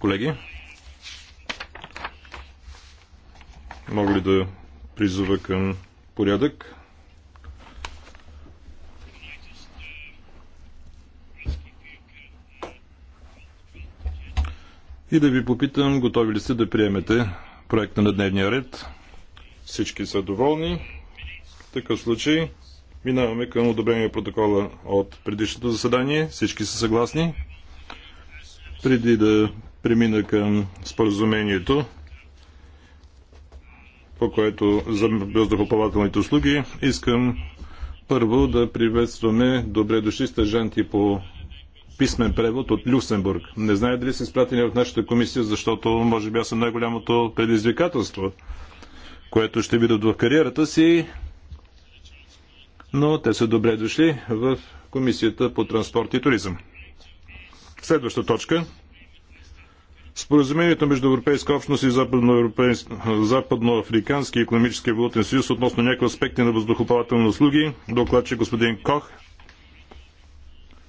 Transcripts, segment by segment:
Колеги, мога ли да призова към порядък? И да ви попитам, готови ли сте да приемете проекта на дневния ред? Всички са доволни. В такъв случай Минаваме към одобрение протокола от предишното заседание. Всички са съгласни. Преди да премина към споразумението, по което за въздухоплавателните услуги, искам първо да приветстваме добре дошли стържанти по писмен превод от Люксембург. Не знае дали са изпратени в нашата комисия, защото може би аз съм най-голямото предизвикателство, което ще видят в кариерата си но те са добре дошли в Комисията по транспорт и туризъм. Следваща точка. Споразумението между Европейска общност и Западноафрикански економически и валутен съюз относно някои аспекти на въздухоплавателни услуги, докладче господин Кох.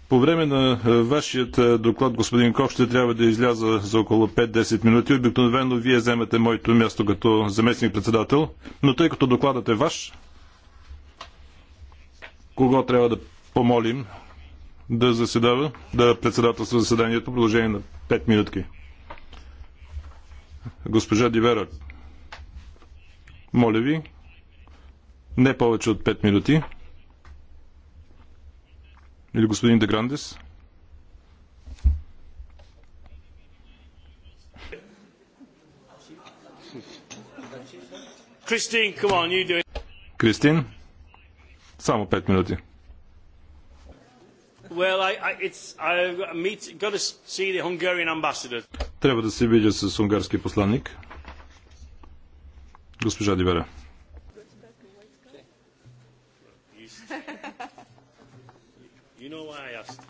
По време на е, вашият е, доклад, господин Кох, ще трябва да изляза за около 5-10 минути. Обикновено вие вземете моето място като заместник-председател, но тъй като докладът е ваш, кого трябва да помолим да заседава, да председателства заседанието в продължение на 5 минутки. Госпожа Дивера, моля ви, не повече от 5 минути. Или господин Деграндес. Кристин, come on, you do it. Кристин, само 5 минути. Well, I, I, it's, I meet, got to see the Hungarian ambassador. Трябва да се видя с унгарски посланник. Госпожа Дивера. You know why I asked.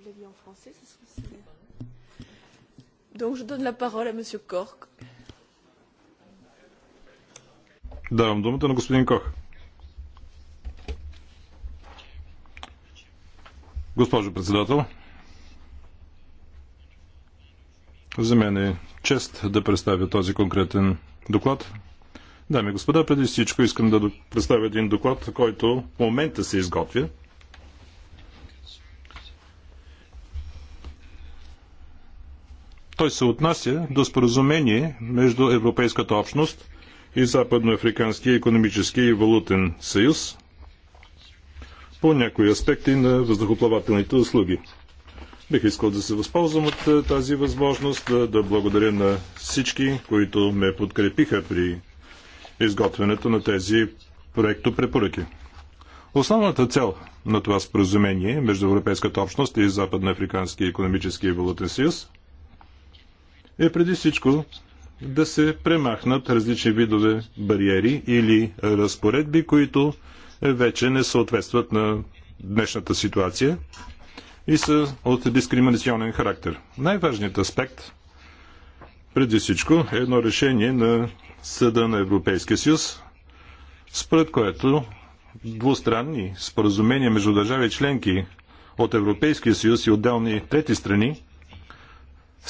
vous l'aviez en français, ce serait Donc je donne la parole à Monsieur Cork. Давам думата на господин Кох. Госпожо председател, за мен е чест да представя този конкретен доклад. Дами и господа, преди всичко искам да представя един доклад, който в момента се изготвя – Той се отнася до споразумение между Европейската общност и Западноафриканския економически и валутен съюз по някои аспекти на въздухоплавателните услуги. Бих искал да се възползвам от е, тази възможност да, да благодаря на всички, които ме подкрепиха при изготвянето на тези проектопрепоръки. Основната цел на това споразумение между Европейската общност и Западноафриканския економически и валутен съюз е преди всичко да се премахнат различни видове бариери или разпоредби, които вече не съответстват на днешната ситуация и са от дискриминационен характер. Най-важният аспект преди всичко е едно решение на Съда на Европейския съюз, според което двустранни споразумения между държави членки от Европейския съюз и отделни трети страни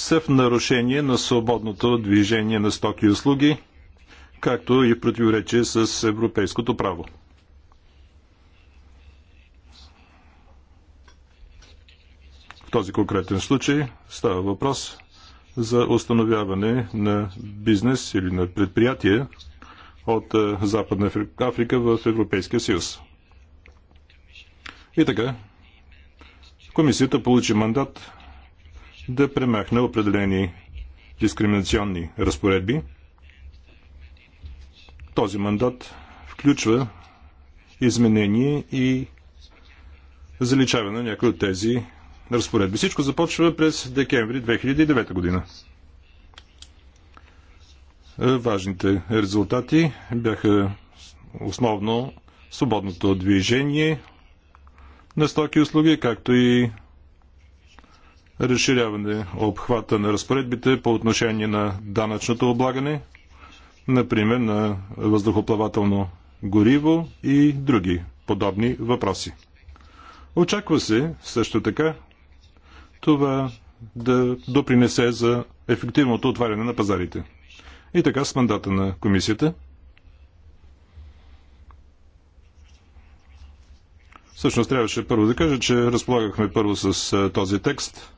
са в нарушение на свободното движение на стоки и услуги, както и в противоречие с европейското право. В този конкретен случай става въпрос за установяване на бизнес или на предприятие от Западна Африка в Европейския съюз. И така, комисията получи мандат да премахне определени дискриминационни разпоредби. Този мандат включва изменение и заличаване на някои от тези разпоредби. Всичко започва през декември 2009 година. Важните резултати бяха основно свободното движение на стоки и услуги, както и разширяване обхвата на разпоредбите по отношение на данъчното облагане, например на въздухоплавателно гориво и други подобни въпроси. Очаква се също така това да допринесе за ефективното отваряне на пазарите. И така с мандата на комисията. Всъщност трябваше първо да кажа, че разполагахме първо с този текст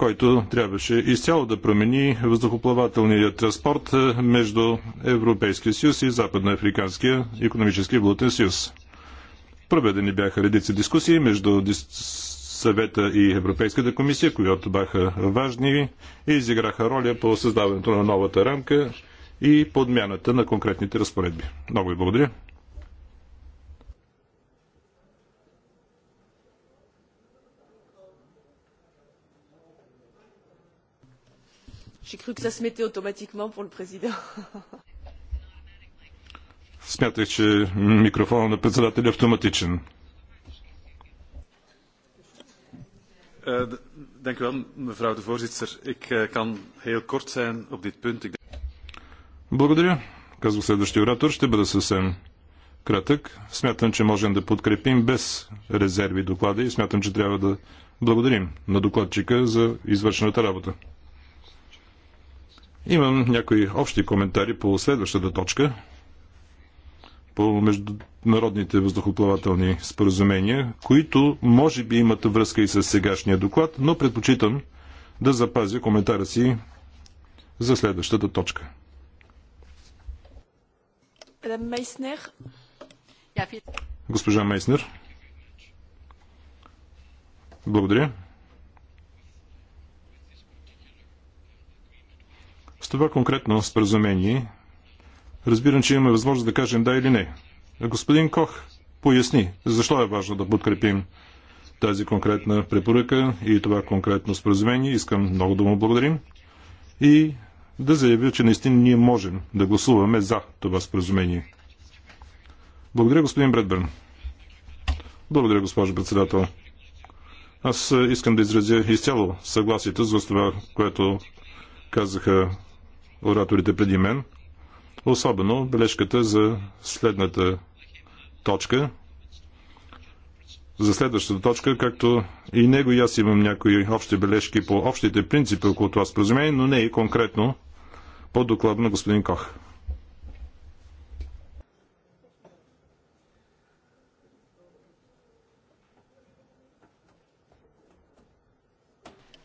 който трябваше изцяло да промени въздухоплавателния транспорт е, между Европейския съюз и Западноафриканския економически и валутен съюз. Проведени бяха редици дискусии между съвета и Европейската комисия, които бяха важни и изиграха роля по създаването на новата рамка и подмяната на конкретните разпоредби. Много ви благодаря. J'ai cru que ça se mettait automatiquement pour le président. Смятах, че микрофона на председателя е автоматичен. Е, u wel, mevrouw de voorzitter. Ik е, kan heel kort zijn op dit punt. Благодаря. Казва следващия оратор. Ще бъда съвсем кратък. Смятам, че можем да подкрепим без резерви доклада и смятам, че трябва да благодарим на докладчика за извършената работа. Имам някои общи коментари по следващата точка, по международните въздухоплавателни споразумения, които може би имат връзка и с сегашния доклад, но предпочитам да запазя коментара си за следващата точка. Госпожа Мейснер. Благодаря. С това конкретно споразумение разбирам, че имаме възможност да кажем да или не. Господин Кох поясни защо е важно да подкрепим тази конкретна препоръка и това конкретно споразумение. Искам много да му благодарим и да заявя, че наистина ние можем да гласуваме за това споразумение. Благодаря, господин Бредбърн. Благодаря, госпожо председател. Аз искам да изразя изцяло съгласието за това, което казаха ораторите преди мен, особено бележката за следната точка. За следващата точка, както и него и аз имам някои общи бележки по общите принципи около това споразумение, но не и конкретно по доклада на господин Кох.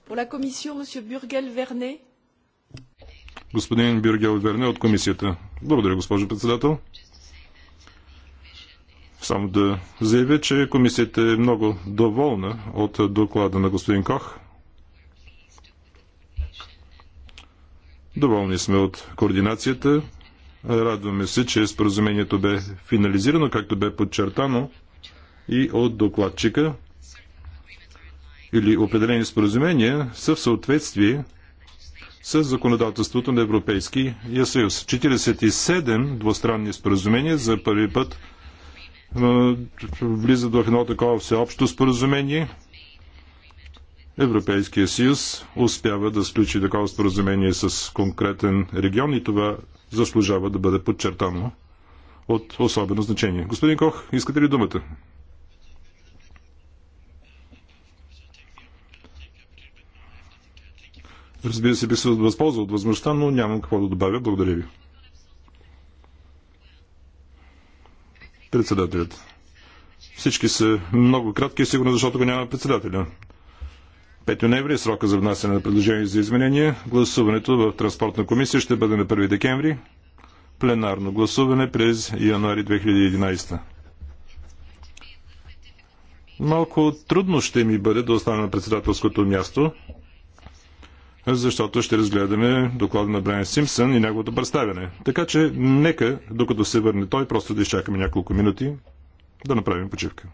Pour la Commission, M. Burgel Vernet господин Бюргел Верне от комисията. Благодаря, госпожо председател. Само да заявя, че комисията е много доволна от доклада на господин Кох. Доволни сме от координацията. Радваме се, че споразумението бе финализирано, както бе подчертано и от докладчика или определени споразумения са в съответствие с законодателството на Европейския съюз. 47 двустранни споразумения за първи път влизат в едно такова всеобщо споразумение. Европейския съюз успява да сключи такова споразумение с конкретен регион и това заслужава да бъде подчертано от особено значение. Господин Кох, искате ли думата? Разбира се, би се възползвал от възможността, но нямам какво да добавя. Благодаря ви. Председателят. Всички са много кратки, сигурно защото го няма председателя. 5 ноември е срока за внасяне на предложение за изменение. Гласуването в транспортна комисия ще бъде на 1 декември. Пленарно гласуване през януари 2011. Малко трудно ще ми бъде да остана на председателското място, защото ще разгледаме доклада на Брайан Симпсън и неговото представяне. Така че нека, докато се върне той, просто да изчакаме няколко минути да направим почивка.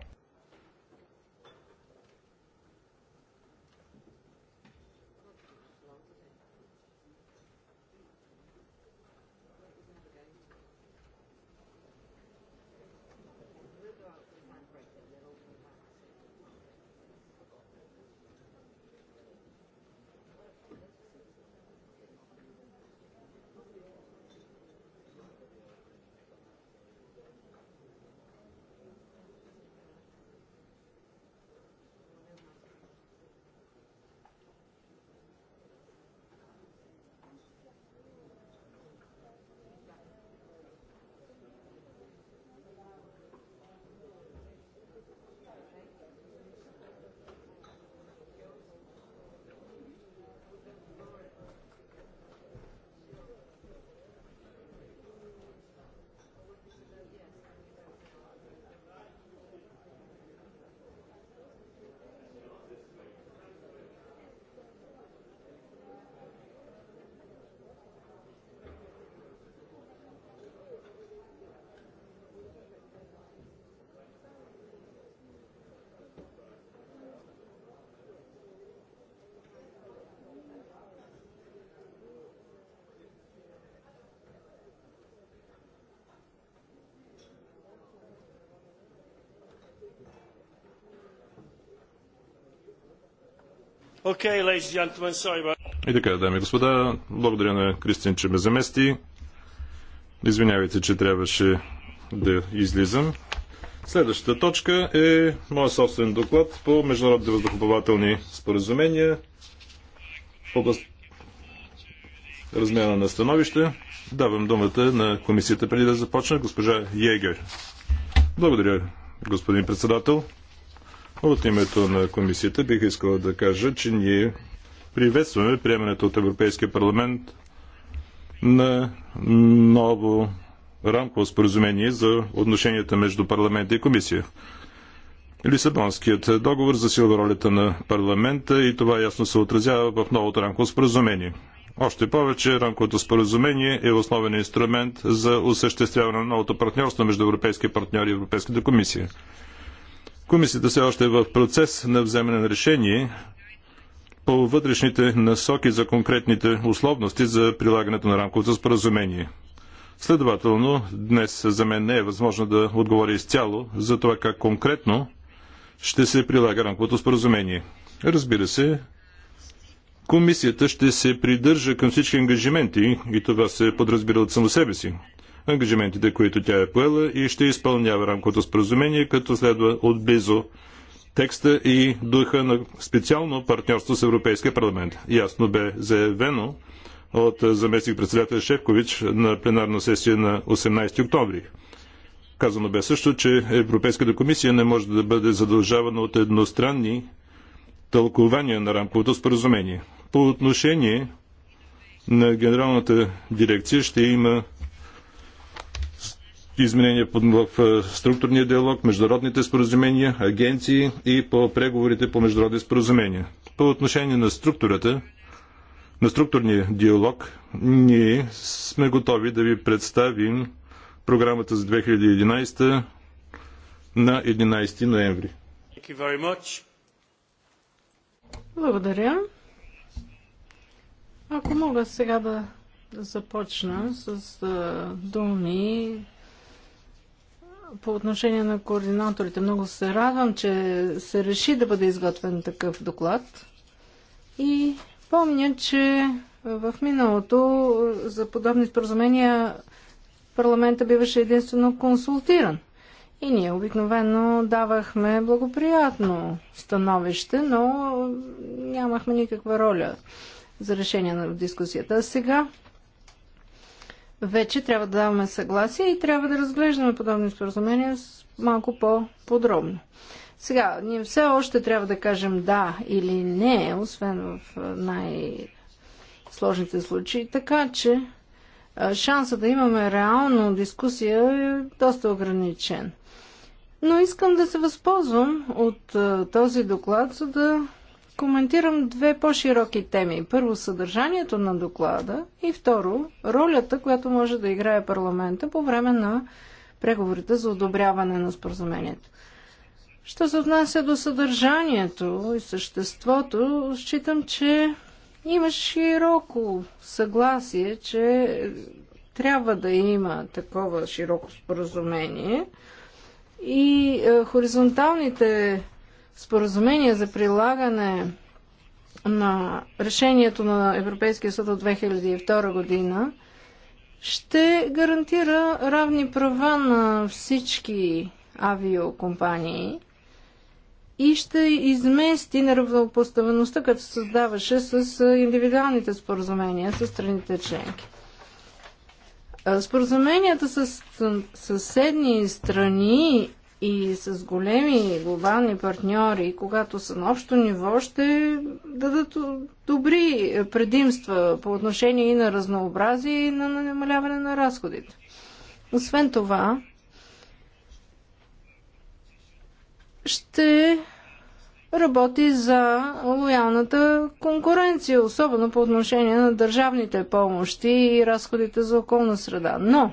И така, дами и господа, благодаря на Кристин, че ме замести. Извинявайте, че трябваше да излизам. Следващата точка е моя собствен доклад по международните въздухоплавателни споразумения в област размяна на становище. Давам думата на комисията преди да започна госпожа Йегер. Благодаря, господин председател. От името на комисията бих искал да кажа, че ние приветстваме приемането от Европейския парламент на ново рамково споразумение за отношенията между парламента и комисия. Лисабонският договор засилва ролята на парламента и това ясно се отразява в новото рамково споразумение. Още повече, рамковото споразумение е основен инструмент за осъществяване на новото партньорство между европейски партньори и Европейската комисия. Комисията все още е в процес на вземане на решение по вътрешните насоки за конкретните условности за прилагането на рамковото споразумение. Следователно, днес за мен не е възможно да отговоря изцяло за това как конкретно ще се прилага рамковото споразумение. Разбира се, комисията ще се придържа към всички ангажименти и това се е подразбира от само себе си ангажиментите, които тя е поела и ще изпълнява рамкото споразумение, като следва отблизо текста и духа на специално партньорство с Европейския парламент. Ясно бе заявено от заместник председател Шефкович на пленарна сесия на 18 октомври. Казано бе също, че Европейската комисия не може да бъде задължавана от едностранни тълкования на рамковото споразумение. По отношение на генералната дирекция ще има изменения в е, структурния диалог, международните споразумения, агенции и по преговорите по международни споразумения. По отношение на структурата, на структурния диалог, ние сме готови да ви представим програмата за 2011 на 11 ноември. Благодаря. Ако мога сега да започна с е, думи по отношение на координаторите. Много се радвам, че се реши да бъде изготвен такъв доклад. И помня, че в миналото за подобни споразумения парламента биваше единствено консултиран. И ние обикновено давахме благоприятно становище, но нямахме никаква роля за решение на дискусията. А сега вече трябва да даваме съгласие и трябва да разглеждаме подобни споразумения малко по-подробно. Сега, ние все още трябва да кажем да или не, освен в най-сложните случаи, така че шанса да имаме реално дискусия е доста ограничен. Но искам да се възползвам от този доклад, за да коментирам две по-широки теми. Първо, съдържанието на доклада и второ, ролята, която може да играе парламента по време на преговорите за одобряване на споразумението. Що се отнася до съдържанието и съществото, считам, че има широко съгласие, че трябва да има такова широко споразумение и е, хоризонталните споразумение за прилагане на решението на Европейския съд от 2002 година ще гарантира равни права на всички авиокомпании и ще измести неравнопоставеността, като се създаваше с индивидуалните споразумения с страните членки. Споразуменията с съседни страни и с големи глобални партньори, когато са на общо ниво, ще дадат добри предимства по отношение и на разнообразие и на намаляване на разходите. Освен това, ще работи за лоялната конкуренция, особено по отношение на държавните помощи и разходите за околна среда. Но,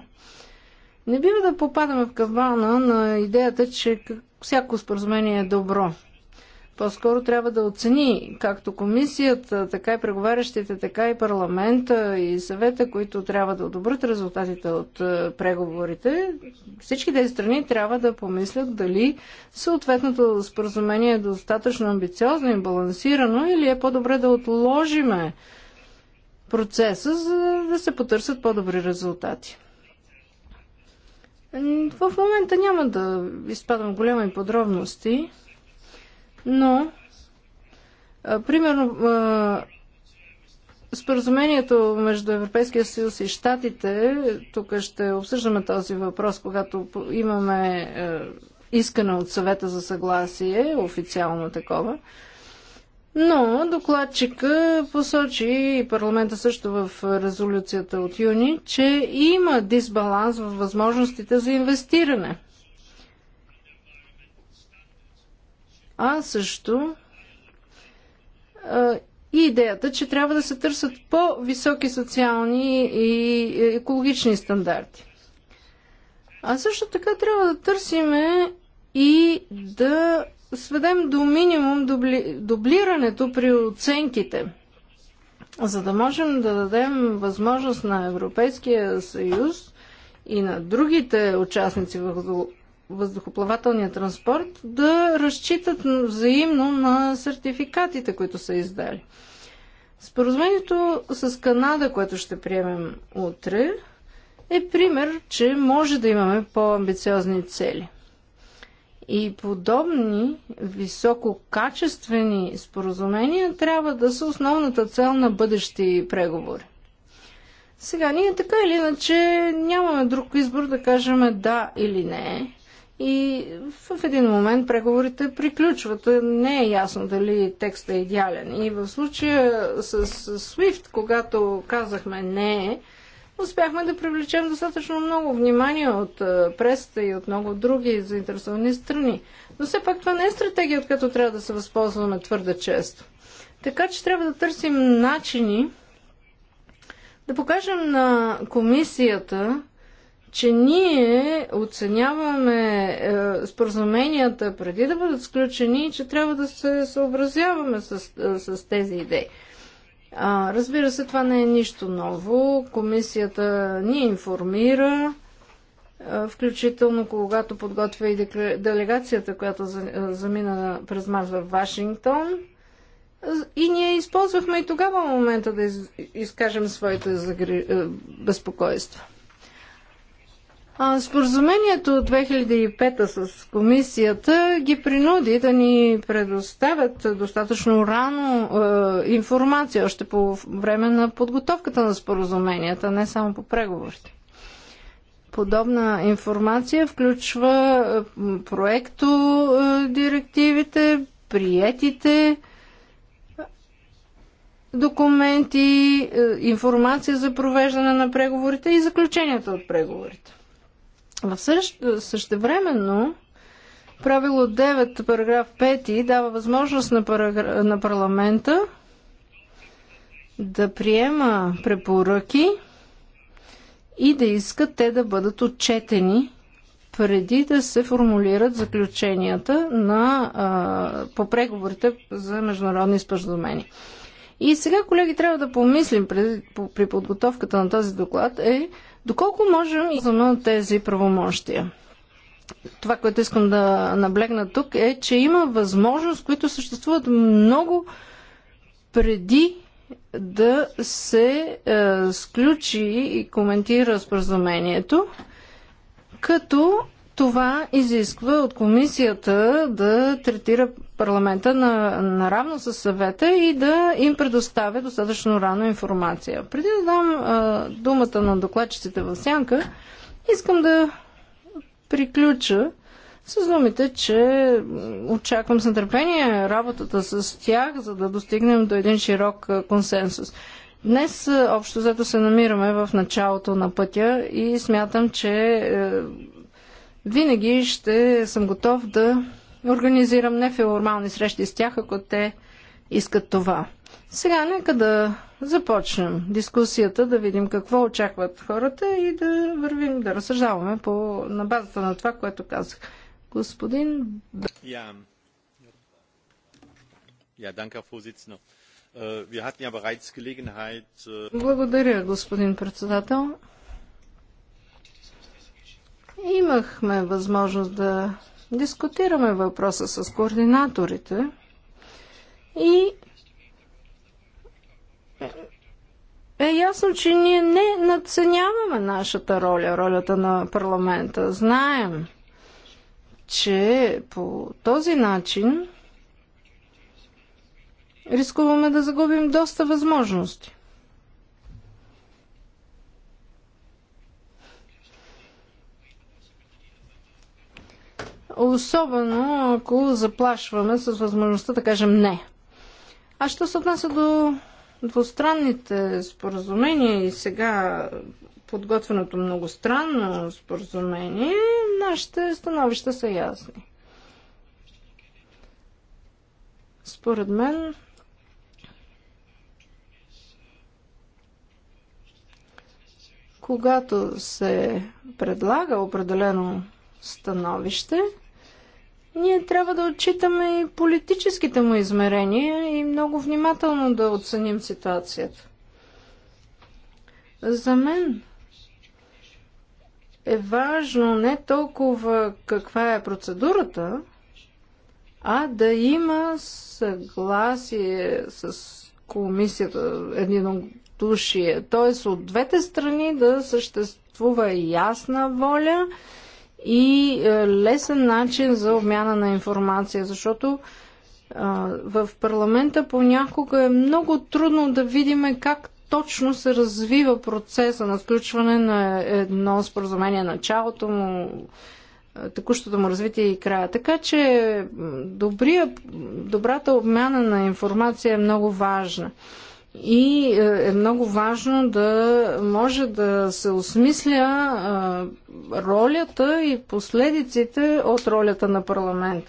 не бива да попадаме в кабана на идеята, че всяко споразумение е добро. По-скоро трябва да оцени както комисията, така и преговарящите, така и парламента и съвета, които трябва да одобрят резултатите от е, преговорите. Всички тези страни трябва да помислят дали съответното споразумение е достатъчно амбициозно и балансирано или е по-добре да отложиме процеса, за да се потърсят по-добри резултати. В момента няма да изпадам големи подробности, но примерно споразумението между Европейския съюз и Штатите, тук ще обсъждаме този въпрос, когато имаме искане от съвета за съгласие, официално такова, но докладчика посочи и парламента също в резолюцията от юни, че има дисбаланс в възможностите за инвестиране. А също и идеята, че трябва да се търсят по-високи социални и екологични стандарти. А също така трябва да търсиме и да сведем до минимум дубли, дублирането при оценките, за да можем да дадем възможност на Европейския съюз и на другите участници в въздухоплавателния транспорт да разчитат взаимно на сертификатите, които са издали. Споразумението с Канада, което ще приемем утре, е пример, че може да имаме по-амбициозни цели – и подобни висококачествени споразумения трябва да са основната цел на бъдещи преговори. Сега ние така или иначе нямаме друг избор да кажем да или не. И в един момент преговорите приключват. Не е ясно дали текстът е идеален. И в случая с SWIFT, когато казахме не, успяхме да привлечем достатъчно много внимание от е, пресата и от много други заинтересовани страни. Но все пак това не е стратегия, от която трябва да се възползваме твърде често. Така че трябва да търсим начини да покажем на комисията, че ние оценяваме е, споразуменията преди да бъдат сключени и че трябва да се съобразяваме с, е, с тези идеи. А, разбира се, това не е нищо ново. Комисията ни информира, включително когато подготвя и делегацията, която замина през Марс в Вашингтон. И ние използвахме и тогава момента да изкажем своите загри... безпокойства споразумението от 2005 с комисията ги принуди да ни предоставят достатъчно рано е, информация, още по време на подготовката на споразуменията, не само по преговорите. Подобна информация включва е, проекто е, директивите, приетите е, документи, е, информация за провеждане на преговорите и заключенията от преговорите. В също, същевременно правило 9, параграф 5 дава възможност на, парагр... на парламента да приема препоръки и да искат те да бъдат отчетени преди да се формулират заключенията на, а, по преговорите за международни споразумения. И сега, колеги, трябва да помислим при, при подготовката на този доклад е Доколко можем използваме тези правомощия? Това, което искам да наблегна тук е, че има възможност, които съществуват много преди да се е, сключи и коментира споразумението, като това изисква от комисията да третира парламента на, наравно с съвета и да им предоставя достатъчно рано информация. Преди да дам а, думата на докладчиците в сянка, искам да приключа с думите, че очаквам с нетърпение работата с тях, за да достигнем до един широк консенсус. Днес общо зато се намираме в началото на пътя и смятам, че е, винаги ще съм готов да организирам неформални срещи с тях, ако те искат това. Сега нека да започнем дискусията, да видим какво очакват хората и да вървим, да разсъждаваме по, на базата на това, което казах. Господин... Äh, äh, Благодаря, господин председател. Имахме възможност да Дискутираме въпроса с координаторите и е, е ясно, че ние не надценяваме нашата роля, ролята на парламента. Знаем, че по този начин рискуваме да загубим доста възможности. особено ако заплашваме с възможността да кажем не. А що се отнася до двустранните споразумения и сега подготвеното многостранно споразумение, нашите становища са ясни. Според мен, когато се предлага определено становище, ние трябва да отчитаме и политическите му измерения и много внимателно да оценим ситуацията. За мен е важно не толкова каква е процедурата, а да има съгласие с комисията, единодушие. Т.е. от двете страни да съществува ясна воля и е, лесен начин за обмяна на информация, защото е, в парламента понякога е много трудно да видим как точно се развива процеса на сключване на едно споразумение, началото му, е, текущото му развитие и края. Така че добрия, добрата обмяна на информация е много важна и е, е много важно да може да се осмисля ролята и последиците от ролята на парламент.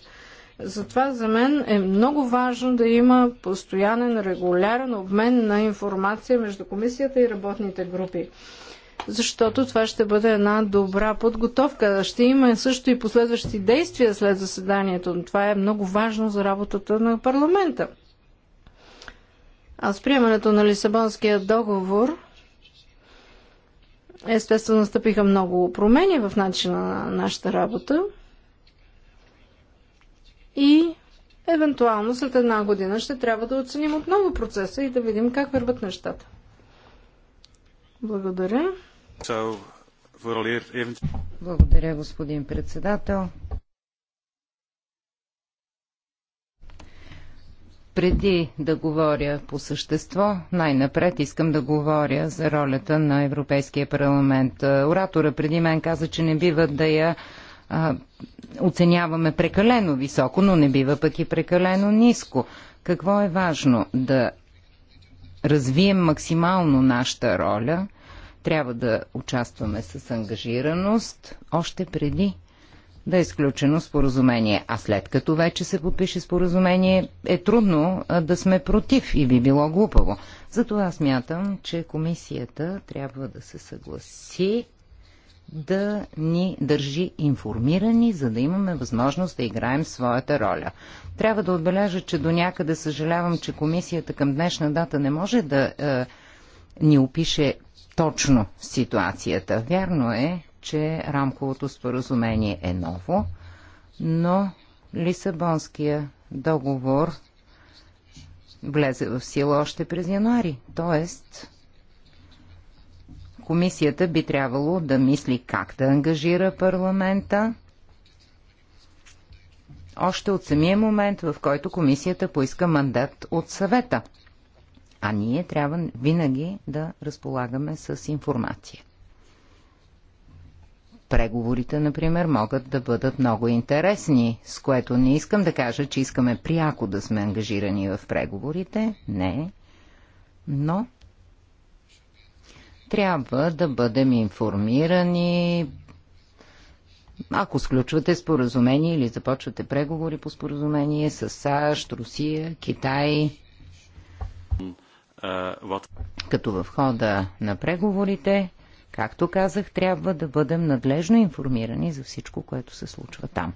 Затова за мен е много важно да има постоянен, регулярен обмен на информация между комисията и работните групи. Защото това ще бъде една добра подготовка. Ще има също и последващи действия след заседанието. Но това е много важно за работата на парламента. А с приемането на Лисабонския договор естествено настъпиха много промени в начина на нашата работа и евентуално след една година ще трябва да оценим отново процеса и да видим как върват нещата. Благодаря. Благодаря, господин председател. Преди да говоря по същество, най-напред искам да говоря за ролята на Европейския парламент. Оратора преди мен каза, че не бива да я а, оценяваме прекалено високо, но не бива пък и прекалено ниско. Какво е важно? Да развием максимално нашата роля. Трябва да участваме с ангажираност още преди да е изключено споразумение. А след като вече се подпише споразумение, е трудно да сме против и би било глупаво. Затова смятам, че комисията трябва да се съгласи да ни държи информирани, за да имаме възможност да играем своята роля. Трябва да отбележа, че до някъде съжалявам, че комисията към днешна дата не може да е, ни опише точно ситуацията. Вярно е, че рамковото споразумение е ново, но Лисабонския договор влезе в сила още през януари. Тоест, комисията би трябвало да мисли как да ангажира парламента още от самия момент, в който комисията поиска мандат от съвета. А ние трябва винаги да разполагаме с информация преговорите, например, могат да бъдат много интересни, с което не искам да кажа, че искаме пряко да сме ангажирани в преговорите. Не. Но трябва да бъдем информирани. Ако сключвате споразумение или започвате преговори по споразумение с САЩ, Русия, Китай, като в хода на преговорите Както казах, трябва да бъдем надлежно информирани за всичко, което се случва там.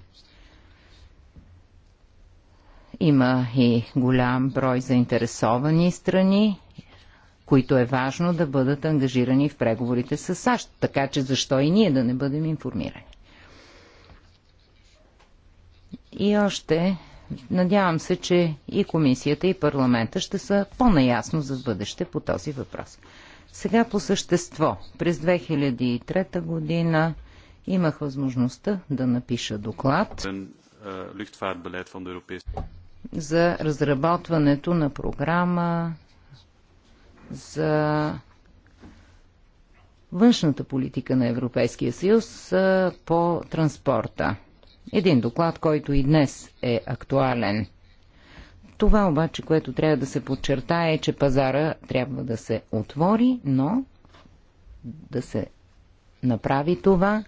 Има и голям брой заинтересовани страни, които е важно да бъдат ангажирани в преговорите с САЩ, така че защо и ние да не бъдем информирани. И още, надявам се, че и комисията, и парламента ще са по-наясно за бъдеще по този въпрос. Сега по същество. През 2003 година имах възможността да напиша доклад eh, за разработването на програма за външната политика на Европейския съюз по транспорта. Един доклад, който и днес е актуален. Това обаче, което трябва да се подчертае е, че пазара трябва да се отвори, но да се направи това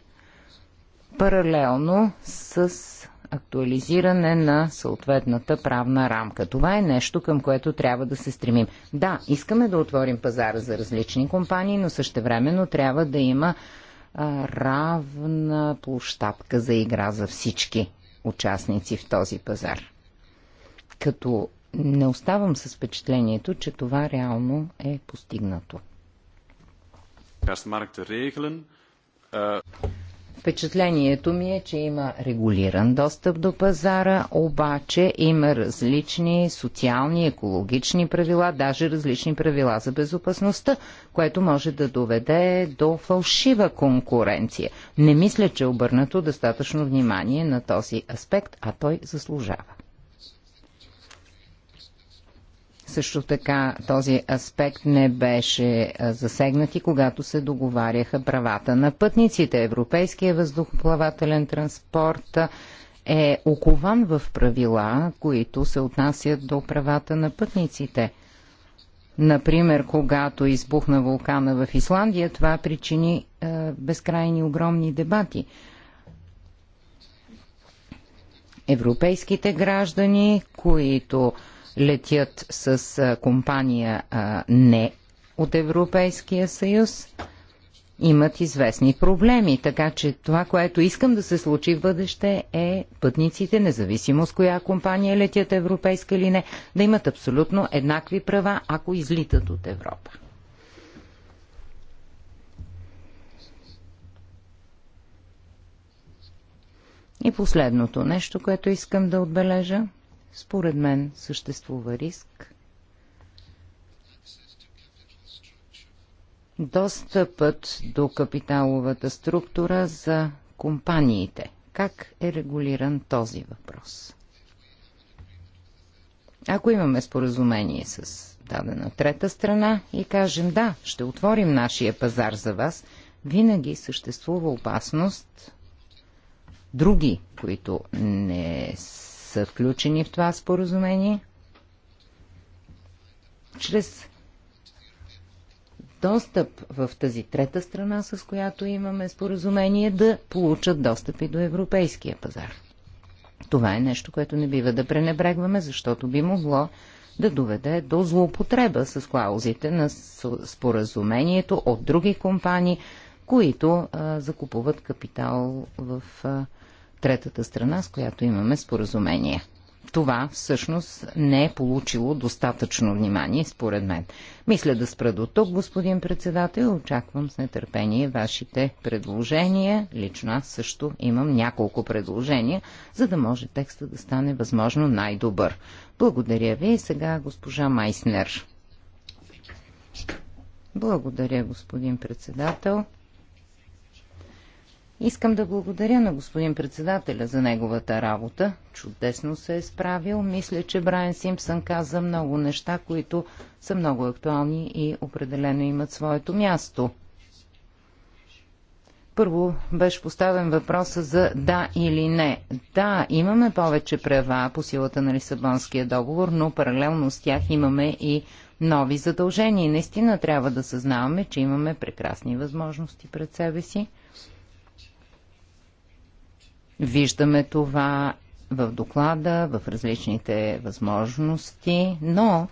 паралелно с актуализиране на съответната правна рамка. Това е нещо, към което трябва да се стремим. Да, искаме да отворим пазара за различни компании, но същевременно трябва да има а, равна площадка за игра за всички участници в този пазар като не оставам с впечатлението, че това реално е постигнато. Впечатлението ми е, че има регулиран достъп до пазара, обаче има различни социални, екологични правила, даже различни правила за безопасността, което може да доведе до фалшива конкуренция. Не мисля, че е обърнато достатъчно внимание на този аспект, а той заслужава. също така този аспект не беше засегнат и когато се договаряха правата на пътниците. Европейския въздухоплавателен транспорт е окован в правила, които се отнасят до правата на пътниците. Например, когато избухна вулкана в Исландия, това причини е, безкрайни огромни дебати. Европейските граждани, които е, летят с компания не от Европейския съюз, имат известни проблеми. Така че това, което искам да се случи в бъдеще е пътниците, независимо с коя компания летят европейска или не, да имат абсолютно еднакви права, ако излитат от Европа. И последното нещо, което искам да отбележа – според мен съществува риск достъпът до капиталовата структура за компаниите. Как е регулиран този въпрос? Ако имаме споразумение с дадена трета страна и кажем да, ще отворим нашия пазар за вас, винаги съществува опасност други, които не са са включени в това споразумение. Чрез достъп в тази трета страна, с която имаме споразумение, да получат достъп и до европейския пазар. Това е нещо, което не бива да пренебрегваме, защото би могло да доведе до злоупотреба с клаузите на споразумението от други компании, които а, закупуват капитал в а, третата страна, с която имаме споразумение. Това всъщност не е получило достатъчно внимание, според мен. Мисля да спра до тук, господин председател. Очаквам с нетърпение вашите предложения. Лично аз също имам няколко предложения, за да може текста да стане възможно най-добър. Благодаря ви и сега госпожа Майснер. Благодаря, господин председател. Искам да благодаря на господин председателя за неговата работа. Чудесно се е справил. Мисля, че Брайан Симпсън каза много неща, които са много актуални и определено имат своето място. Първо беше поставен въпроса за да или не. Да, имаме повече права по силата на Лисабонския договор, но паралелно с тях имаме и нови задължения. Наистина трябва да съзнаваме, че имаме прекрасни възможности пред себе си Виждаме това в доклада, в различните възможности, но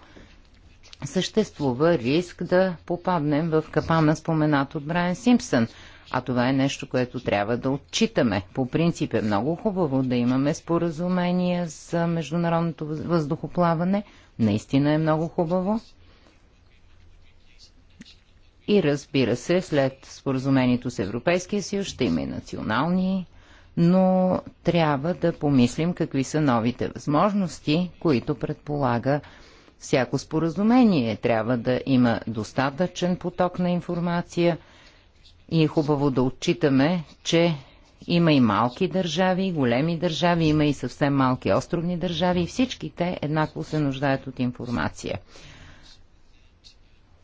съществува риск да попаднем в капана споменат от Брайан Симпсън. А това е нещо, което трябва да отчитаме. По принцип е много хубаво да имаме споразумение за международното въздухоплаване. Наистина е много хубаво. И разбира се, след споразумението с Европейския съюз ще има и национални но трябва да помислим какви са новите възможности, които предполага всяко споразумение. Трябва да има достатъчен поток на информация и е хубаво да отчитаме, че има и малки държави, и големи държави, има и съвсем малки островни държави и всички те еднакво се нуждаят от информация.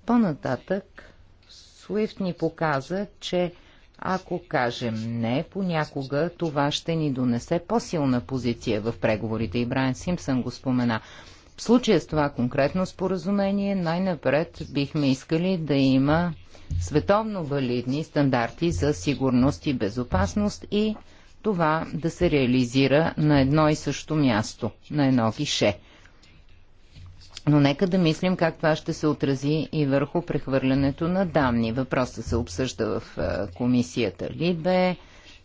По-нататък Суифт ни показа, че ако кажем не, понякога това ще ни донесе по-силна позиция в преговорите. И Брайан Симпсън го спомена. В случая с това конкретно споразумение, най-напред бихме искали да има световно валидни стандарти за сигурност и безопасност и това да се реализира на едно и също място, на едно гише. Но нека да мислим как това ще се отрази и върху прехвърлянето на данни. Въпросът се обсъжда в комисията Либе.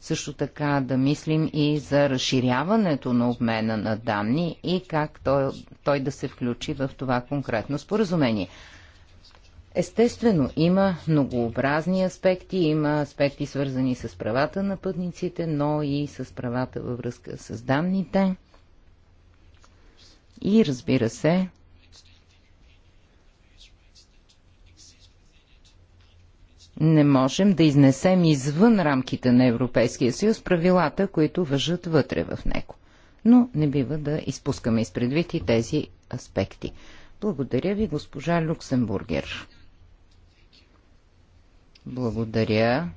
Също така да мислим и за разширяването на обмена на данни и как той, той да се включи в това конкретно споразумение. Естествено, има многообразни аспекти, има аспекти свързани с правата на пътниците, но и с правата във връзка с данните. И разбира се, не можем да изнесем извън рамките на Европейския съюз правилата, които въжат вътре в него. Но не бива да изпускаме изпредвид и тези аспекти. Благодаря ви, госпожа Люксембургер. Благодаря.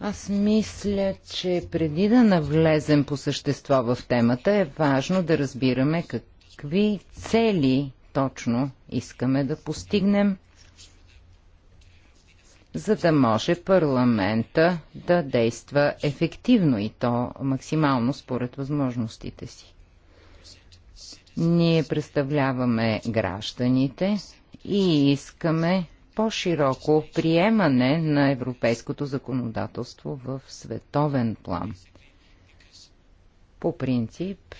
Аз мисля, че преди да навлезем по същество в темата, е важно да разбираме какви цели точно искаме да постигнем за да може парламента да действа ефективно и то максимално според възможностите си. Ние представляваме гражданите и искаме по-широко приемане на европейското законодателство в световен план. По принцип,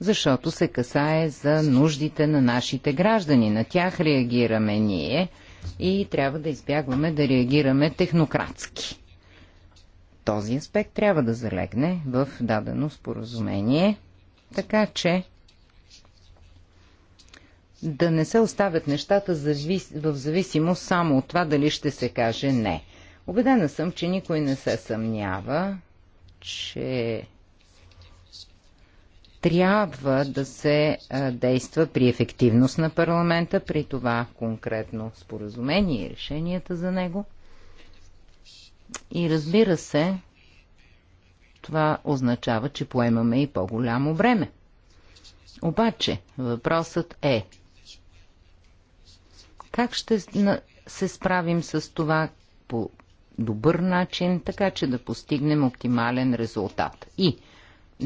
защото се касае за нуждите на нашите граждани. На тях реагираме ние – и трябва да избягваме да реагираме технократски. Този аспект трябва да залегне в дадено споразумение, така че да не се оставят нещата в зависимост само от това дали ще се каже не. Обедена съм, че никой не се съмнява, че трябва да се действа при ефективност на парламента, при това конкретно споразумение и решенията за него. И разбира се, това означава, че поемаме и по-голямо време. Обаче, въпросът е как ще се справим с това по добър начин, така че да постигнем оптимален резултат. И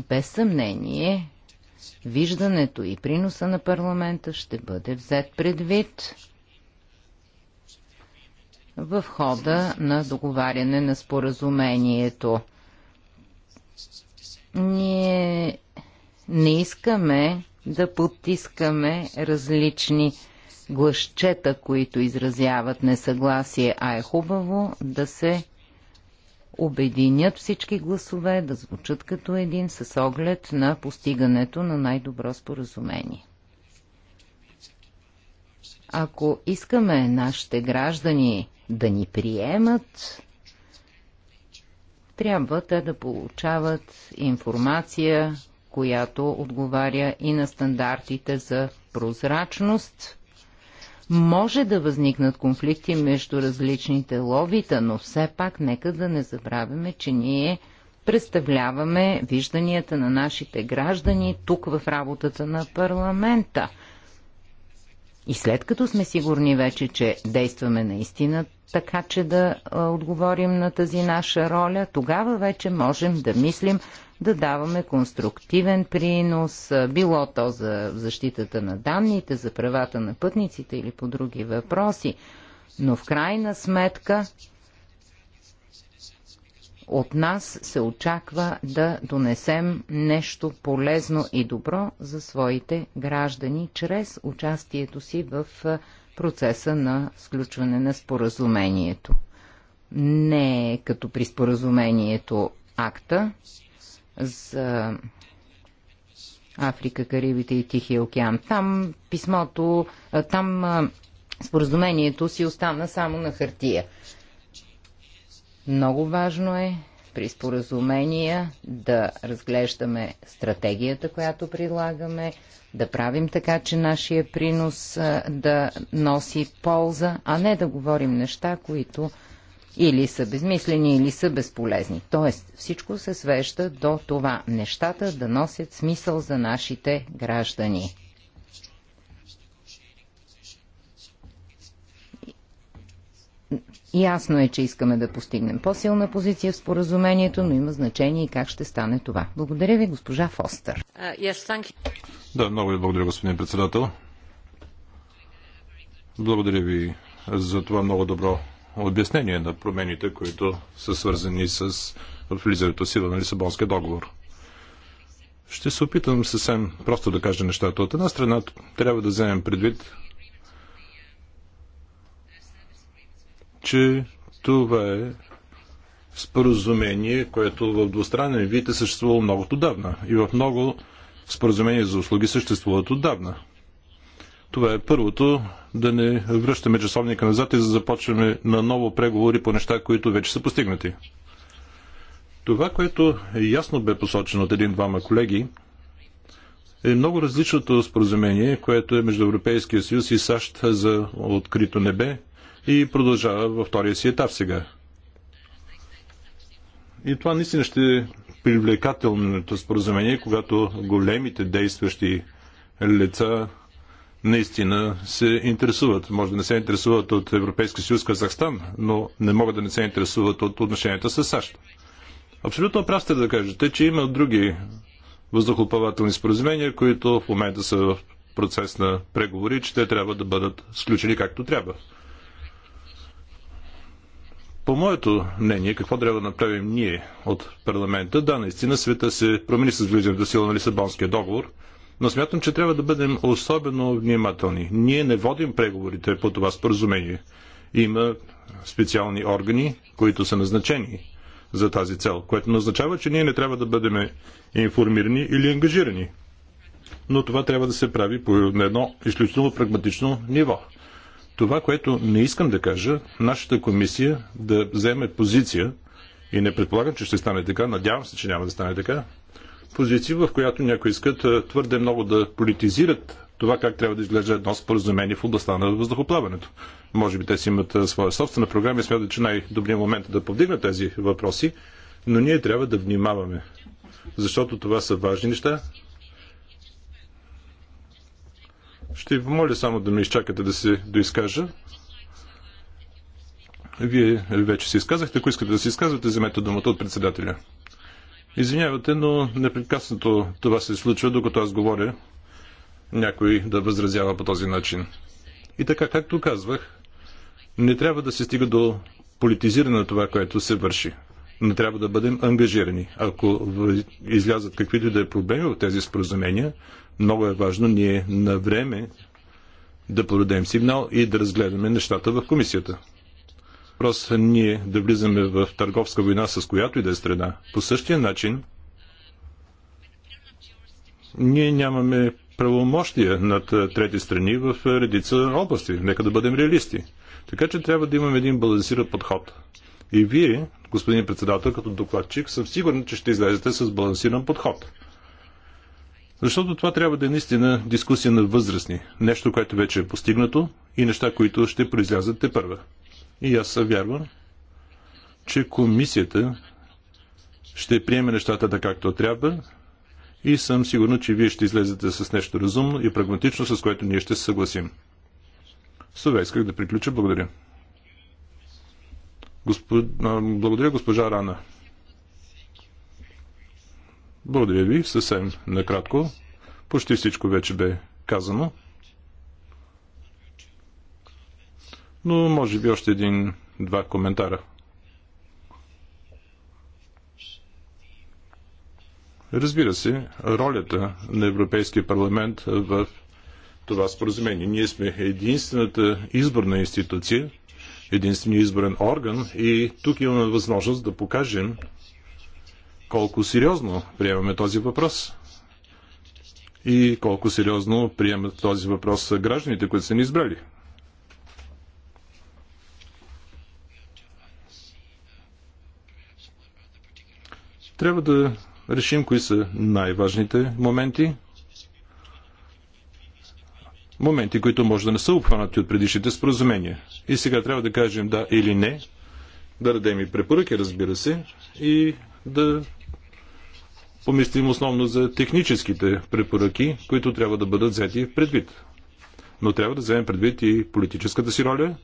без съмнение виждането и приноса на парламента ще бъде взет предвид в хода на договаряне на споразумението. Ние не искаме да потискаме различни глъщета, които изразяват несъгласие, а е хубаво да се обединят всички гласове, да звучат като един с оглед на постигането на най-добро споразумение. Ако искаме нашите граждани да ни приемат, трябва те да получават информация, която отговаря и на стандартите за прозрачност може да възникнат конфликти между различните ловита, но все пак нека да не забравяме, че ние представляваме вижданията на нашите граждани тук в работата на парламента. И след като сме сигурни вече, че действаме наистина така, че да отговорим на тази наша роля, тогава вече можем да мислим да даваме конструктивен принос, било то за защитата на данните, за правата на пътниците или по други въпроси. Но в крайна сметка от нас се очаква да донесем нещо полезно и добро за своите граждани чрез участието си в процеса на сключване на споразумението. Не е като при споразумението акта, за Африка, Карибите и Тихия океан. Там писмото, там споразумението си остана само на хартия. Много важно е при споразумения да разглеждаме стратегията, която прилагаме, да правим така, че нашия принос да носи полза, а не да говорим неща, които или са безмислени, или са безполезни. Тоест, всичко се свежда до това нещата да носят смисъл за нашите граждани. Ясно е, че искаме да постигнем по-силна позиция в споразумението, но има значение и как ще стане това. Благодаря ви, госпожа Фостер. Uh, yes, да, много ви благодаря, господин председател. Благодаря ви за това много добро обяснение на промените, които са свързани с влизането си на Лисабонския договор. Ще се опитам съвсем просто да кажа нещата. От една страна трябва да вземем предвид, че това е споразумение, което в двустранен вид е съществувало много отдавна. И в много споразумения за услуги съществуват отдавна. Това е първото, да не връщаме часовника назад и да започваме на ново преговори по неща, които вече са постигнати. Това, което ясно бе посочено от един-двама колеги, е много различното споразумение, което е между Европейския съюз и САЩ за открито небе и продължава във втория си етап сега. И това наистина ще е привлекателното споразумение, когато големите действащи лица наистина се интересуват. Може да не се интересуват от Европейския съюз Казахстан, но не могат да не се интересуват от отношенията с САЩ. Абсолютно прав сте да кажете, че има други въздухоплавателни споразумения, които в момента са в процес на преговори, че те трябва да бъдат сключени както трябва. По моето мнение, какво трябва да направим ние от парламента? Да, наистина света се промени с влизането сила на Лисабонския договор – но смятам, че трябва да бъдем особено внимателни. Ние не водим преговорите по това споразумение. Има специални органи, които са назначени за тази цел, което означава, че ние не трябва да бъдем информирани или ангажирани. Но това трябва да се прави по на едно изключително прагматично ниво. Това, което не искам да кажа, нашата комисия да вземе позиция и не предполагам, че ще стане така, надявам се, че няма да стане така, позиция, в която някои искат е, твърде много да политизират това как трябва да изглежда едно споразумение в областта на въздухоплаването. Може би те си имат е, своя собствена програма и смятат, че най-добрият момент е да повдигнат тези въпроси, но ние трябва да внимаваме, защото това са важни неща. Ще ви помоля само да ме изчакате да се доизкажа. Вие вече се изказахте. Ако искате да се изказвате, вземете думата от председателя. Извинявате, но непрекъснато това се случва, докато аз говоря, някой да възразява по този начин. И така, както казвах, не трябва да се стига до политизиране на това, което се върши. Не трябва да бъдем ангажирани. Ако излязат каквито и да е проблеми в тези споразумения, много е важно ние на време да подадем сигнал и да разгледаме нещата в комисията въпрос ние да влизаме в търговска война с която и да е страна. По същия начин ние нямаме правомощия над трети страни в редица области. Нека да бъдем реалисти. Така че трябва да имаме един балансиран подход. И вие, господин председател, като докладчик, съм сигурен, че ще излезете с балансиран подход. Защото това трябва да е наистина дискусия на възрастни. Нещо, което вече е постигнато и неща, които ще произлязат те първа. И аз вярвам, че комисията ще приеме нещата така, както трябва и съм сигурен, че вие ще излезете с нещо разумно и прагматично, с което ние ще се съгласим. С това исках да приключа. Благодаря. Госпо... Благодаря, госпожа Рана. Благодаря ви. Съвсем накратко. Почти всичко вече бе казано. но може би още един-два коментара. Разбира се, ролята на Европейския парламент в това споразумение. Ние сме единствената изборна институция, единствения изборен орган и тук имаме възможност да покажем колко сериозно приемаме този въпрос и колко сериозно приемат този въпрос гражданите, които са ни избрали. Трябва да решим кои са най-важните моменти, моменти, които може да не са обхванати от предишните споразумения. И сега трябва да кажем да или не, да дадем и препоръки, разбира се, и да помислим основно за техническите препоръки, които трябва да бъдат взети предвид. Но трябва да вземем предвид и политическата си роля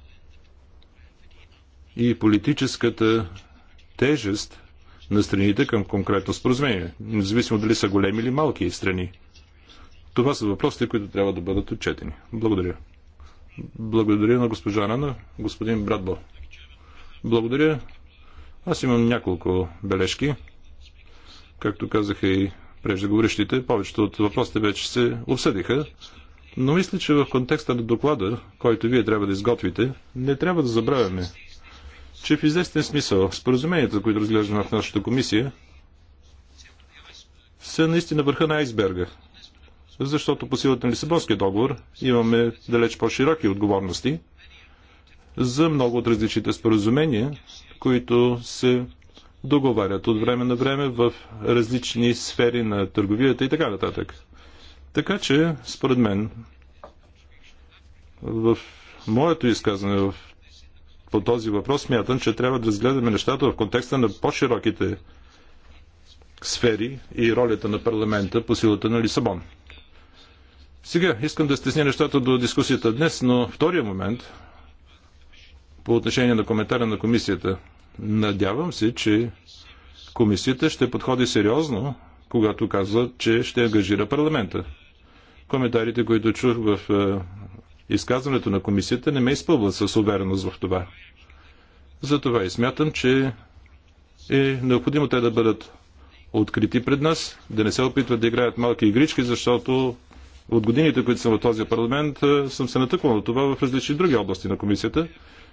и политическата тежест на страните към конкретно споразумение, независимо дали са големи или малки страни. Това са въпросите, които трябва да бъдат отчетени. Благодаря. Благодаря на госпожа Рана, господин Братбо. Благодаря. Аз имам няколко бележки. Както казаха и преждеговорищите, повечето от въпросите вече се обсъдиха, но мисля, че в контекста на доклада, който вие трябва да изготвите, не трябва да забравяме че в известен смисъл споразуменията, които разглеждаме в нашата комисия, са наистина върха на айсберга. Защото по силата на Лисабонския договор имаме далеч по-широки отговорности за много от различните споразумения, които се договарят от време на време в различни сфери на търговията и така нататък. Така че, според мен, в моето изказване в по този въпрос смятам, че трябва да разгледаме нещата в контекста на по-широките сфери и ролята на парламента по силата на Лисабон. Сега искам да стесня нещата до дискусията днес, но втория момент по отношение на коментаря на комисията. Надявам се, че комисията ще подходи сериозно, когато казва, че ще ангажира парламента. Коментарите, които чух в е, изказването на комисията не ме изпълва с увереност в това. Затова и смятам, че е необходимо те да бъдат открити пред нас, да не се опитват да играят малки игрички, защото от годините, които съм в този парламент, съм се натъквал на това в различни други области на комисията.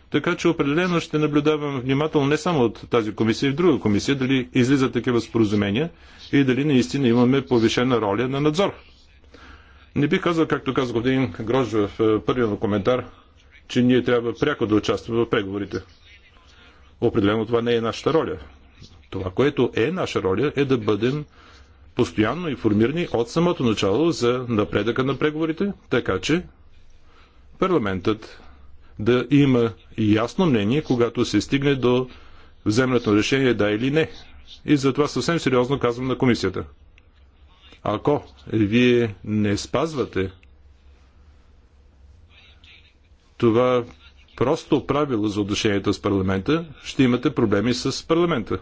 Така че определено ще наблюдавам внимателно не само от тази комисия, и в друга комисия, дали излизат такива споразумения и дали наистина имаме повишена роля на надзор не би казал, както каза годин Грож в е, първия коментар, че ние трябва пряко да участваме в преговорите. Определено това не е нашата роля. Това, което е наша роля, е да бъдем постоянно информирани от самото начало за напредъка на преговорите, така че парламентът да има ясно мнение, когато се стигне до вземането на решение да или не. И затова съвсем сериозно казвам на комисията – ако вие не спазвате това просто правило за отношенията с парламента, ще имате проблеми с парламента.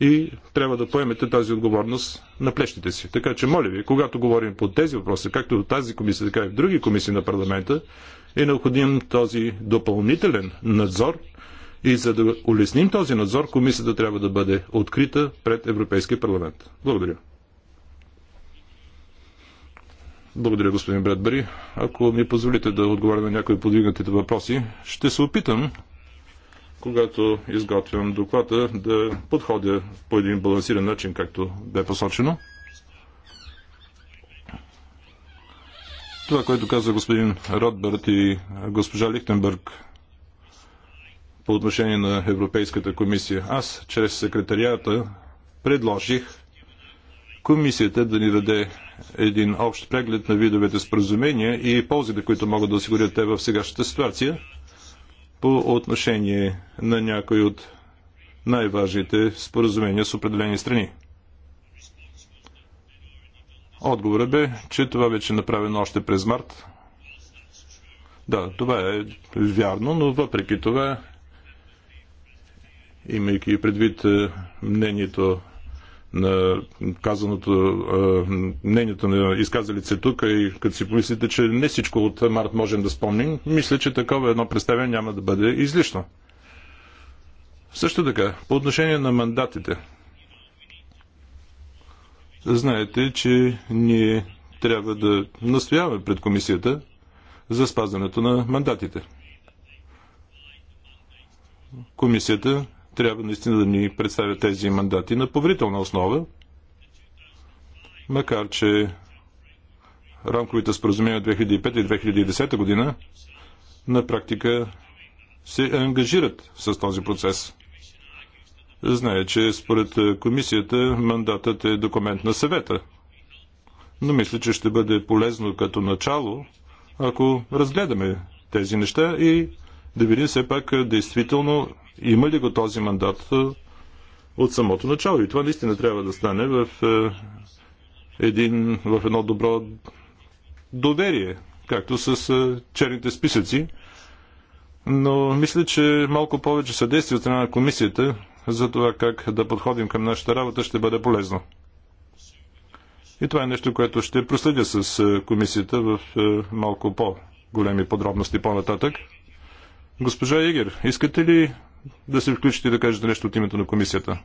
И трябва да поемете тази отговорност на плещите си. Така че, моля ви, когато говорим по тези въпроси, както в тази комисия, така и в други комисии на парламента, е необходим този допълнителен надзор. И за да улесним този надзор, комисията трябва да бъде открита пред Европейския парламент. Благодаря. Благодаря, господин Бредбери. Ако ми позволите да отговаря на някои подвигнатите въпроси, ще се опитам, когато изготвям доклада, да подходя по един балансиран начин, както бе посочено. Това, което каза господин Ротберт и госпожа Лихтенберг по отношение на Европейската комисия. Аз, чрез секретарията, предложих комисията да ни даде един общ преглед на видовете споразумения и ползите, които могат да осигурят те в сегашната ситуация по отношение на някои от най-важните споразумения с определени страни. Отговорът бе, че това вече е направено още през март. Да, това е вярно, но въпреки това, имайки предвид е, мнението на казаното, мнението на изказалите тук и като си помислите, че не всичко от март можем да спомним, мисля, че такова едно представяне няма да бъде излишно. Също така, по отношение на мандатите. Знаете, че ние трябва да настояваме пред комисията за спазването на мандатите. Комисията трябва наистина да ни представят тези мандати на поверителна основа, макар че рамковите споразумения 2005 и 2010 година на практика се ангажират с този процес. Знае, че според комисията мандатът е документ на съвета. Но мисля, че ще бъде полезно като начало, ако разгледаме тези неща и да видим все пак действително има ли го този мандат от самото начало? И това наистина трябва да стане в, е, един, в едно добро доверие, както с е, черните списъци. Но мисля, че малко повече съдействие от страна на комисията за това как да подходим към нашата работа ще бъде полезно. И това е нещо, което ще проследя с е, комисията в малко по-големи подробности по-нататък. Госпожа Игер, искате ли да се включите и да кажете нещо от името на комисията.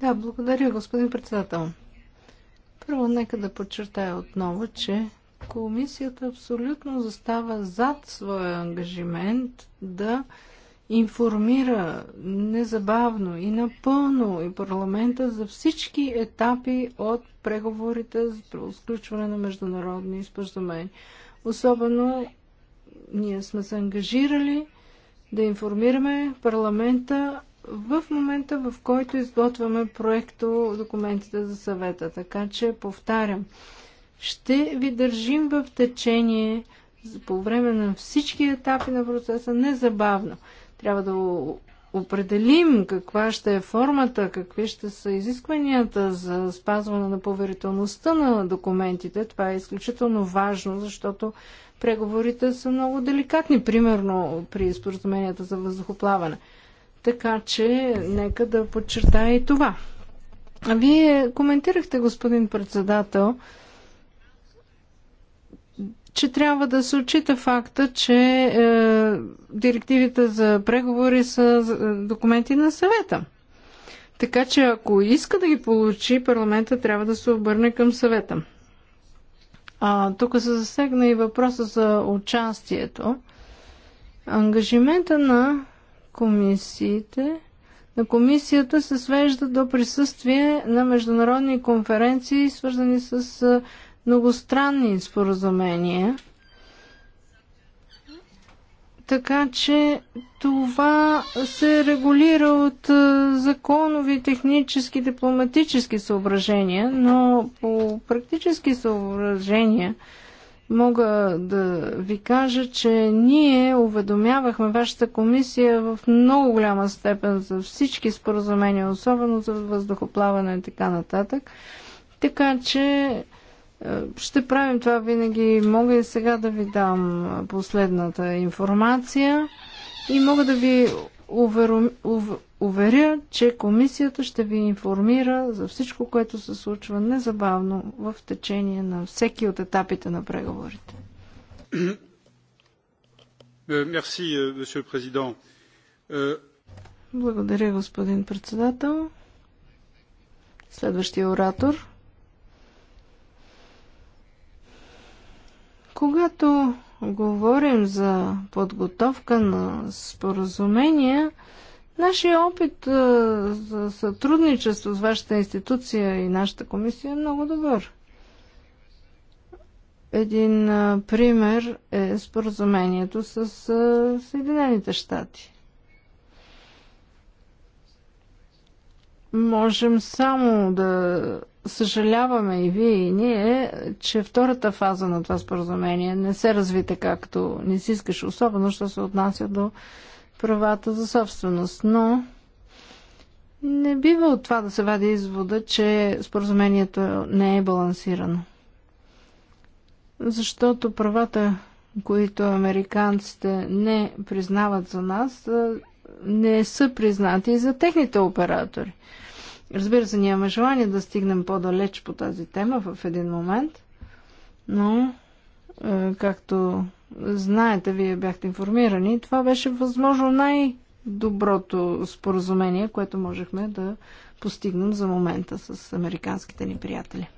Да, благодаря, господин председател. Първо, нека да подчертая отново, че комисията абсолютно застава зад своя ангажимент да информира незабавно и напълно и парламента за всички етапи от преговорите за сключване на международни споразумения. Особено ние сме се ангажирали да информираме парламента в момента, в който изготвяме проекто документите за съвета. Така че, повтарям, ще ви държим в течение по време на всички етапи на процеса незабавно. Трябва да определим каква ще е формата, какви ще са изискванията за спазване на поверителността на документите. Това е изключително важно, защото преговорите са много деликатни, примерно при споразуменията за въздухоплаване. Така че, нека да подчертая и това. А вие коментирахте, господин председател, че трябва да се отчита факта, че е, директивите за преговори са е, документи на съвета. Така че ако иска да ги получи, парламента трябва да се обърне към съвета. А, тук се засегна и въпроса за участието. Ангажимента на комисиите, на комисията се свежда до присъствие на международни конференции, свързани с многостранни споразумения – така че това се регулира от законови, технически, дипломатически съображения, но по практически съображения мога да ви кажа, че ние уведомявахме вашата комисия в много голяма степен за всички споразумения, особено за въздухоплаване и така нататък. Така че е, ще правим това винаги. Мога и сега да ви дам последната информация и мога да ви уверу, уверя, че комисията ще ви информира за всичко, което се случва незабавно в течение на всеки от етапите на преговорите. Е, е, Благодаря, господин председател. Следващия оратор. Когато говорим за подготовка на споразумения, нашия опит за сътрудничество с вашата институция и нашата комисия е много добър. Един пример е споразумението с Съединените щати. Можем само да съжаляваме и вие и ние, че втората фаза на това споразумение не се разви така, както не си искаш, особено що се отнася до правата за собственост. Но не бива от това да се вади извода, че споразумението не е балансирано. Защото правата, които американците не признават за нас, не са признати и за техните оператори. Разбира се, нямаме желание да стигнем по-далеч по тази тема в един момент, но, е, както знаете, вие бяхте информирани, това беше възможно най-доброто споразумение, което можехме да постигнем за момента с американските ни приятели.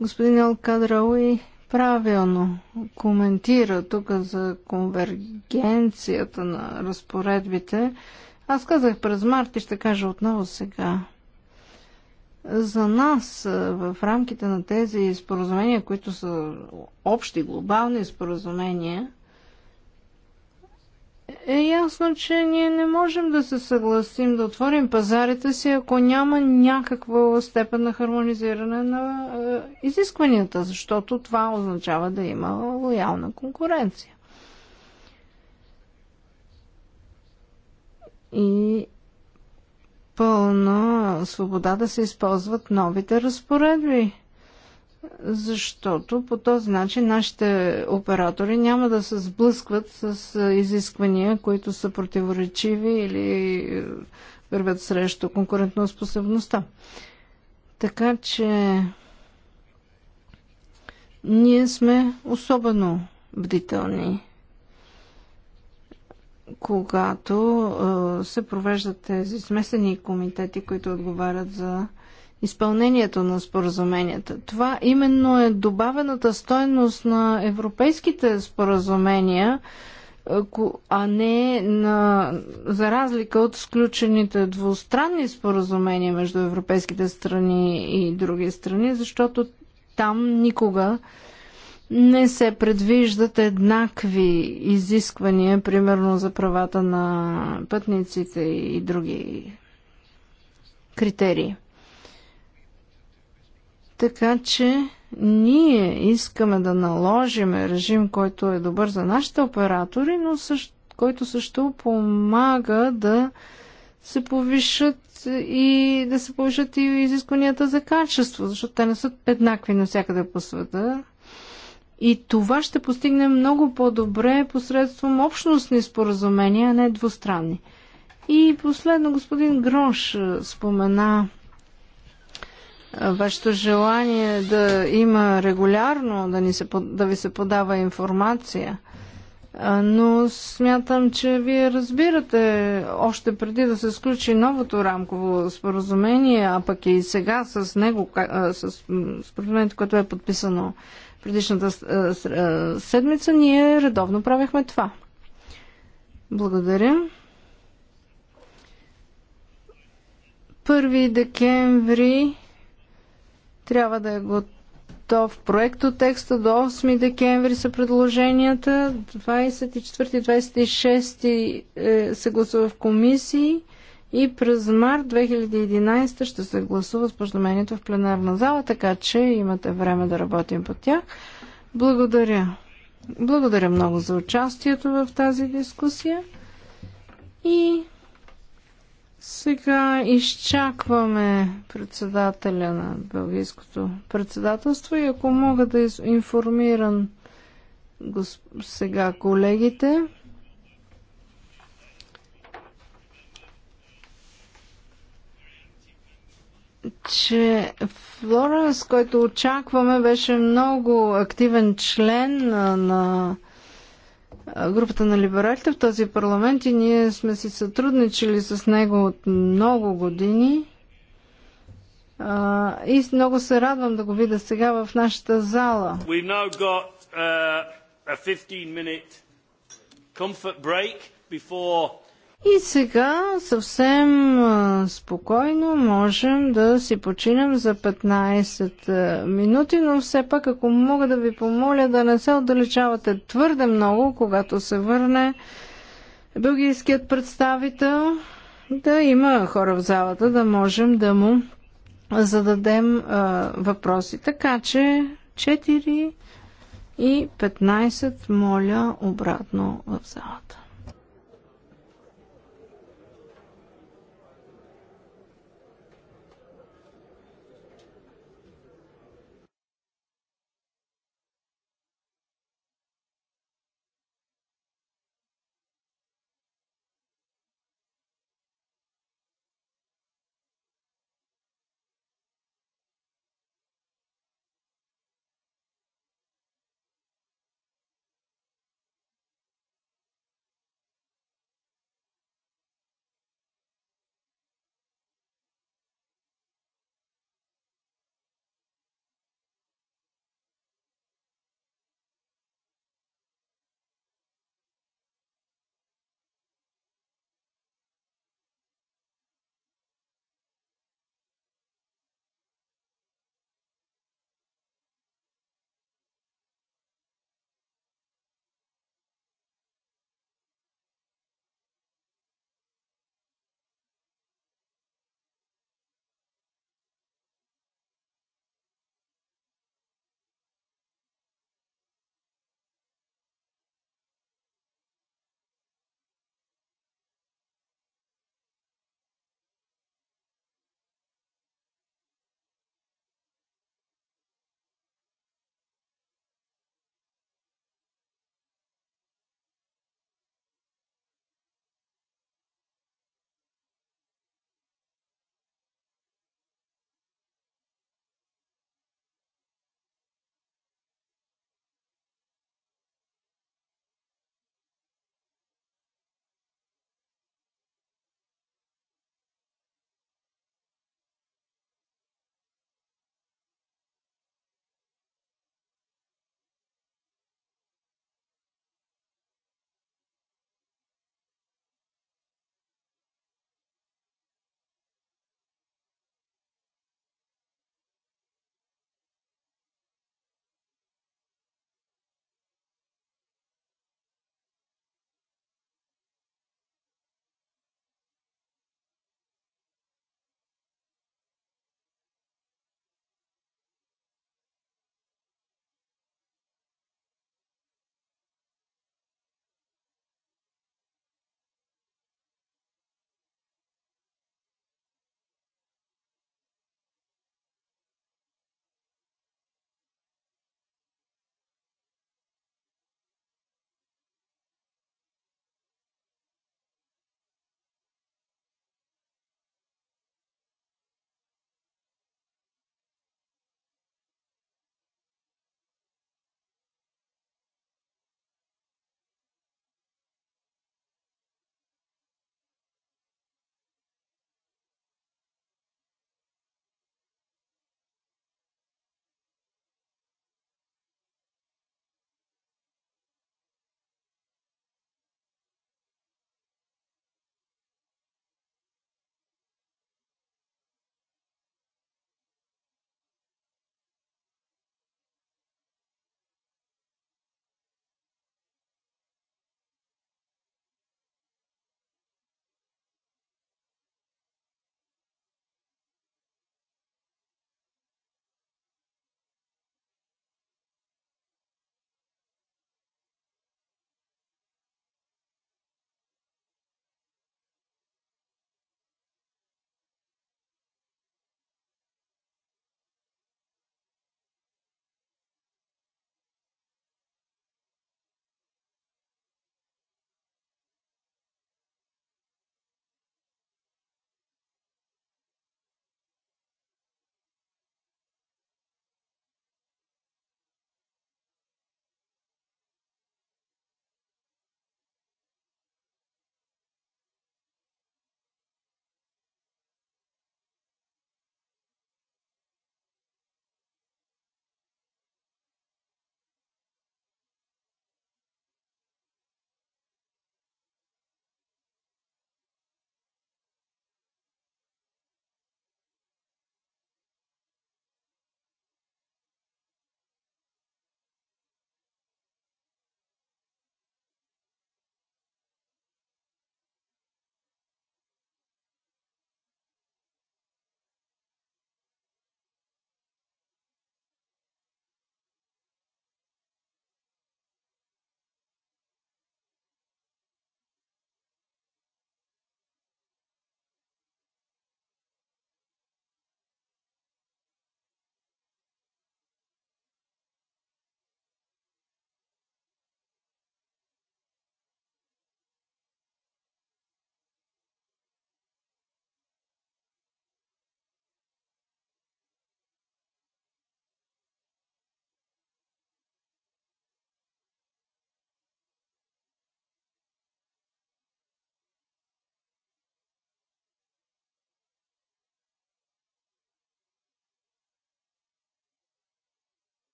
Господин Алкадрауи правилно коментира тук за конвергенцията на разпоредбите. Аз казах през март и ще кажа отново сега. За нас е, в рамките на тези споразумения, които са общи глобални споразумения, е ясно, че ние не можем да се съгласим да отворим пазарите си, ако няма някаква степен на хармонизиране на е, изискванията, защото това означава да има лоялна конкуренция. и пълна свобода да се използват новите разпоредби. Защото по този начин нашите оператори няма да се сблъскват с изисквания, които са противоречиви или е, вървят срещу конкурентоспособността. Така че ние сме особено бдителни когато се провеждат тези смесени комитети, които отговарят за изпълнението на споразуменията. Това именно е добавената стойност на европейските споразумения, а не на, за разлика от сключените двустранни споразумения между европейските страни и други страни, защото там никога не се предвиждат еднакви изисквания, примерно за правата на пътниците и други критерии. Така че ние искаме да наложим режим, който е добър за нашите оператори, но също, който също помага да се повишат и да се повишат и изискванията за качество, защото те не са еднакви навсякъде по света. И това ще постигне много по-добре посредством общностни споразумения, а не двустранни. И последно господин Грош е, спомена е, вашето желание да има регулярно, да, ни се, да ви се подава информация. Е, но смятам, че вие разбирате още преди да се сключи новото рамково споразумение, а пък и сега с него, с споразумението, което е подписано предишната седмица, ние редовно правихме това. Благодаря. 1 декември трябва да е готов проект от текста. До 8 декември са предложенията. 24-26 е, се гласува в комисии и през март 2011 ще се гласува споразумението в пленарна зала, така че имате време да работим по тях. Благодаря. Благодаря много за участието в тази дискусия. И сега изчакваме председателя на Белгийското председателство и ако мога да информирам сега колегите, че Флоренс, който очакваме, беше много активен член на, на групата на либералите в този парламент и ние сме си сътрудничили с него от много години. Uh, и много се радвам да го видя сега в нашата зала. Got, uh, и сега съвсем спокойно можем да си починем за 15 минути, но все пак ако мога да ви помоля да не се отдалечавате твърде много, когато се върне бългийският представител, да има хора в залата, да можем да му зададем а, въпроси. Така че 4 и 15 моля обратно в залата.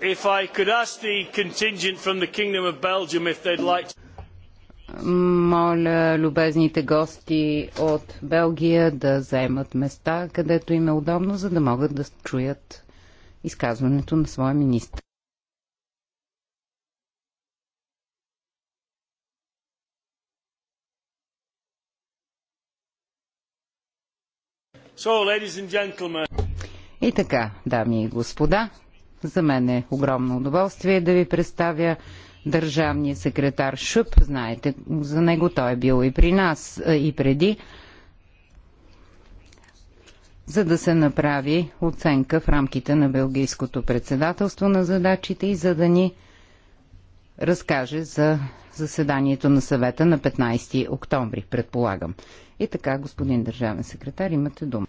If I could ask the contingent from the Kingdom of Belgium if they'd like to... Моля любезните гости от Белгия да заемат места, където им е удобно, за да могат да чуят изказването на своя министр. So, и така, дами и господа, за мен е огромно удоволствие да ви представя държавния секретар Шуп. Знаете, за него той е бил и при нас, и преди, за да се направи оценка в рамките на Белгийското председателство на задачите и за да ни разкаже за заседанието на съвета на 15 октомври, предполагам. И така, господин държавен секретар, имате дума.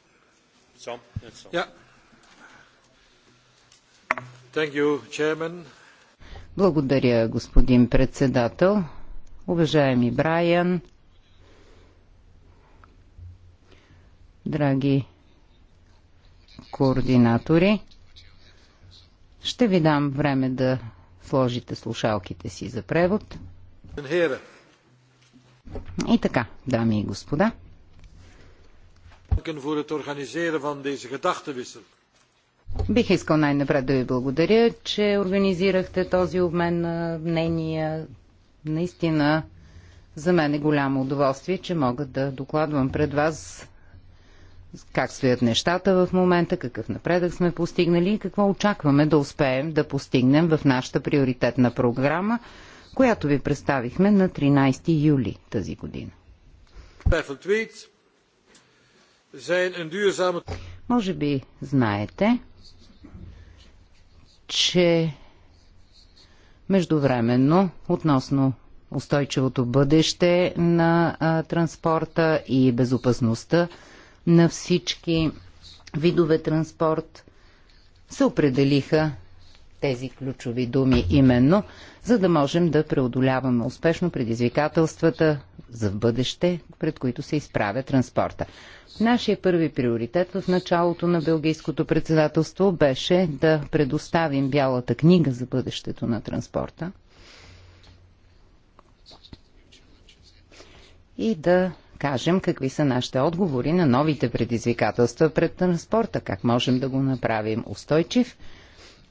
Yeah. Благодаря, господин председател. Уважаеми Брайан, драги координатори, ще ви дам време да сложите слушалките си за превод. И така, дами и господа. Благодаря за het на тези deze Бих искал най-напред да ви благодаря, че организирахте този обмен на мнения. Наистина, за мен е голямо удоволствие, че мога да докладвам пред вас как стоят нещата в момента, какъв напредък сме постигнали и какво очакваме да успеем да постигнем в нашата приоритетна програма, която ви представихме на 13 юли тази година. Може би знаете, че междувременно относно устойчивото бъдеще на а, транспорта и безопасността на всички видове транспорт се определиха тези ключови думи именно за да можем да преодоляваме успешно предизвикателствата за в бъдеще, пред които се изправя транспорта. Нашия първи приоритет в началото на Белгийското председателство беше да предоставим бялата книга за бъдещето на транспорта и да кажем какви са нашите отговори на новите предизвикателства пред транспорта, как можем да го направим устойчив –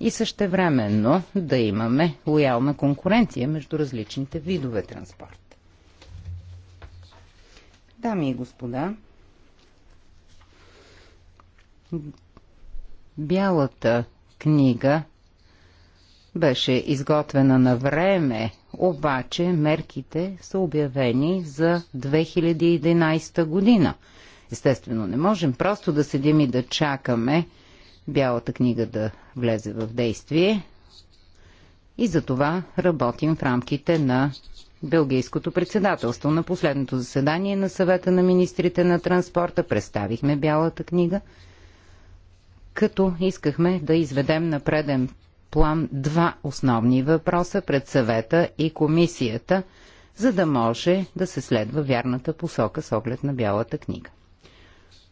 и същевременно да имаме лоялна конкуренция между различните видове транспорт. Дами и господа, Бялата книга беше изготвена на време, обаче мерките са обявени за 2011 година. Естествено, не можем просто да седим и да чакаме Бялата книга да влезе в действие и за това работим в рамките на Белгийското председателство. На последното заседание на съвета на министрите на транспорта представихме Бялата книга, като искахме да изведем на преден план два основни въпроса пред съвета и комисията, за да може да се следва вярната посока с оглед на Бялата книга.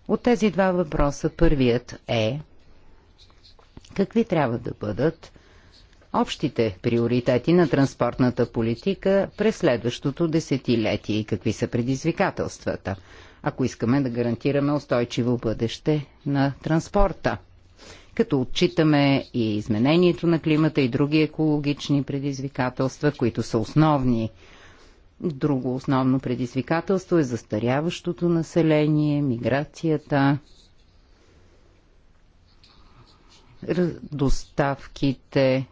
От тези два въпроса първият е Какви трябва да бъдат общите приоритети на транспортната политика през следващото десетилетие и какви са предизвикателствата, ако искаме да гарантираме устойчиво бъдеще на транспорта? като отчитаме и изменението на климата и други екологични предизвикателства, които са основни. Друго основно предизвикателство е застаряващото население, миграцията, доставките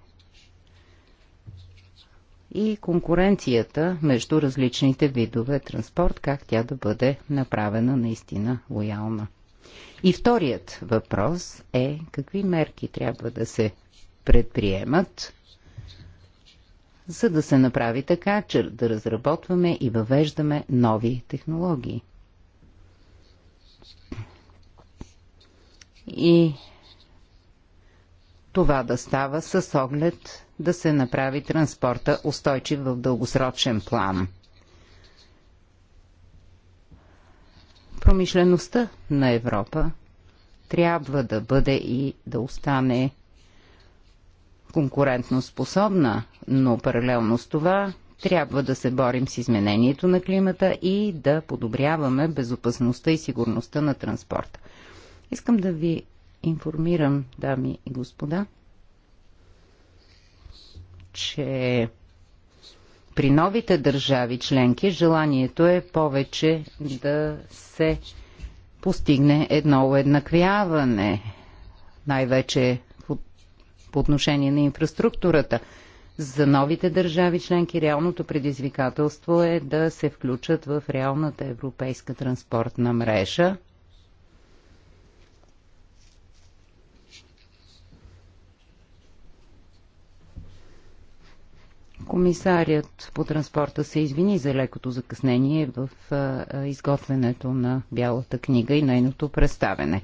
и конкуренцията между различните видове транспорт, как тя да бъде направена наистина лоялна. И вторият въпрос е какви мерки трябва да се предприемат, за да се направи така, че да разработваме и въвеждаме нови технологии. И това да става с оглед да се направи транспорта устойчив в дългосрочен план. Промишлеността на Европа трябва да бъде и да остане конкурентно способна, но паралелно с това трябва да се борим с изменението на климата и да подобряваме безопасността и сигурността на транспорта. Искам да ви информирам, дами и господа, че при новите държави членки желанието е повече да се постигне едно уеднаквяване, най-вече по, по отношение на инфраструктурата. За новите държави членки реалното предизвикателство е да се включат в реалната европейска транспортна мрежа, Комисарият по транспорта се извини за лекото закъснение в изготвянето на Бялата книга и нейното представене.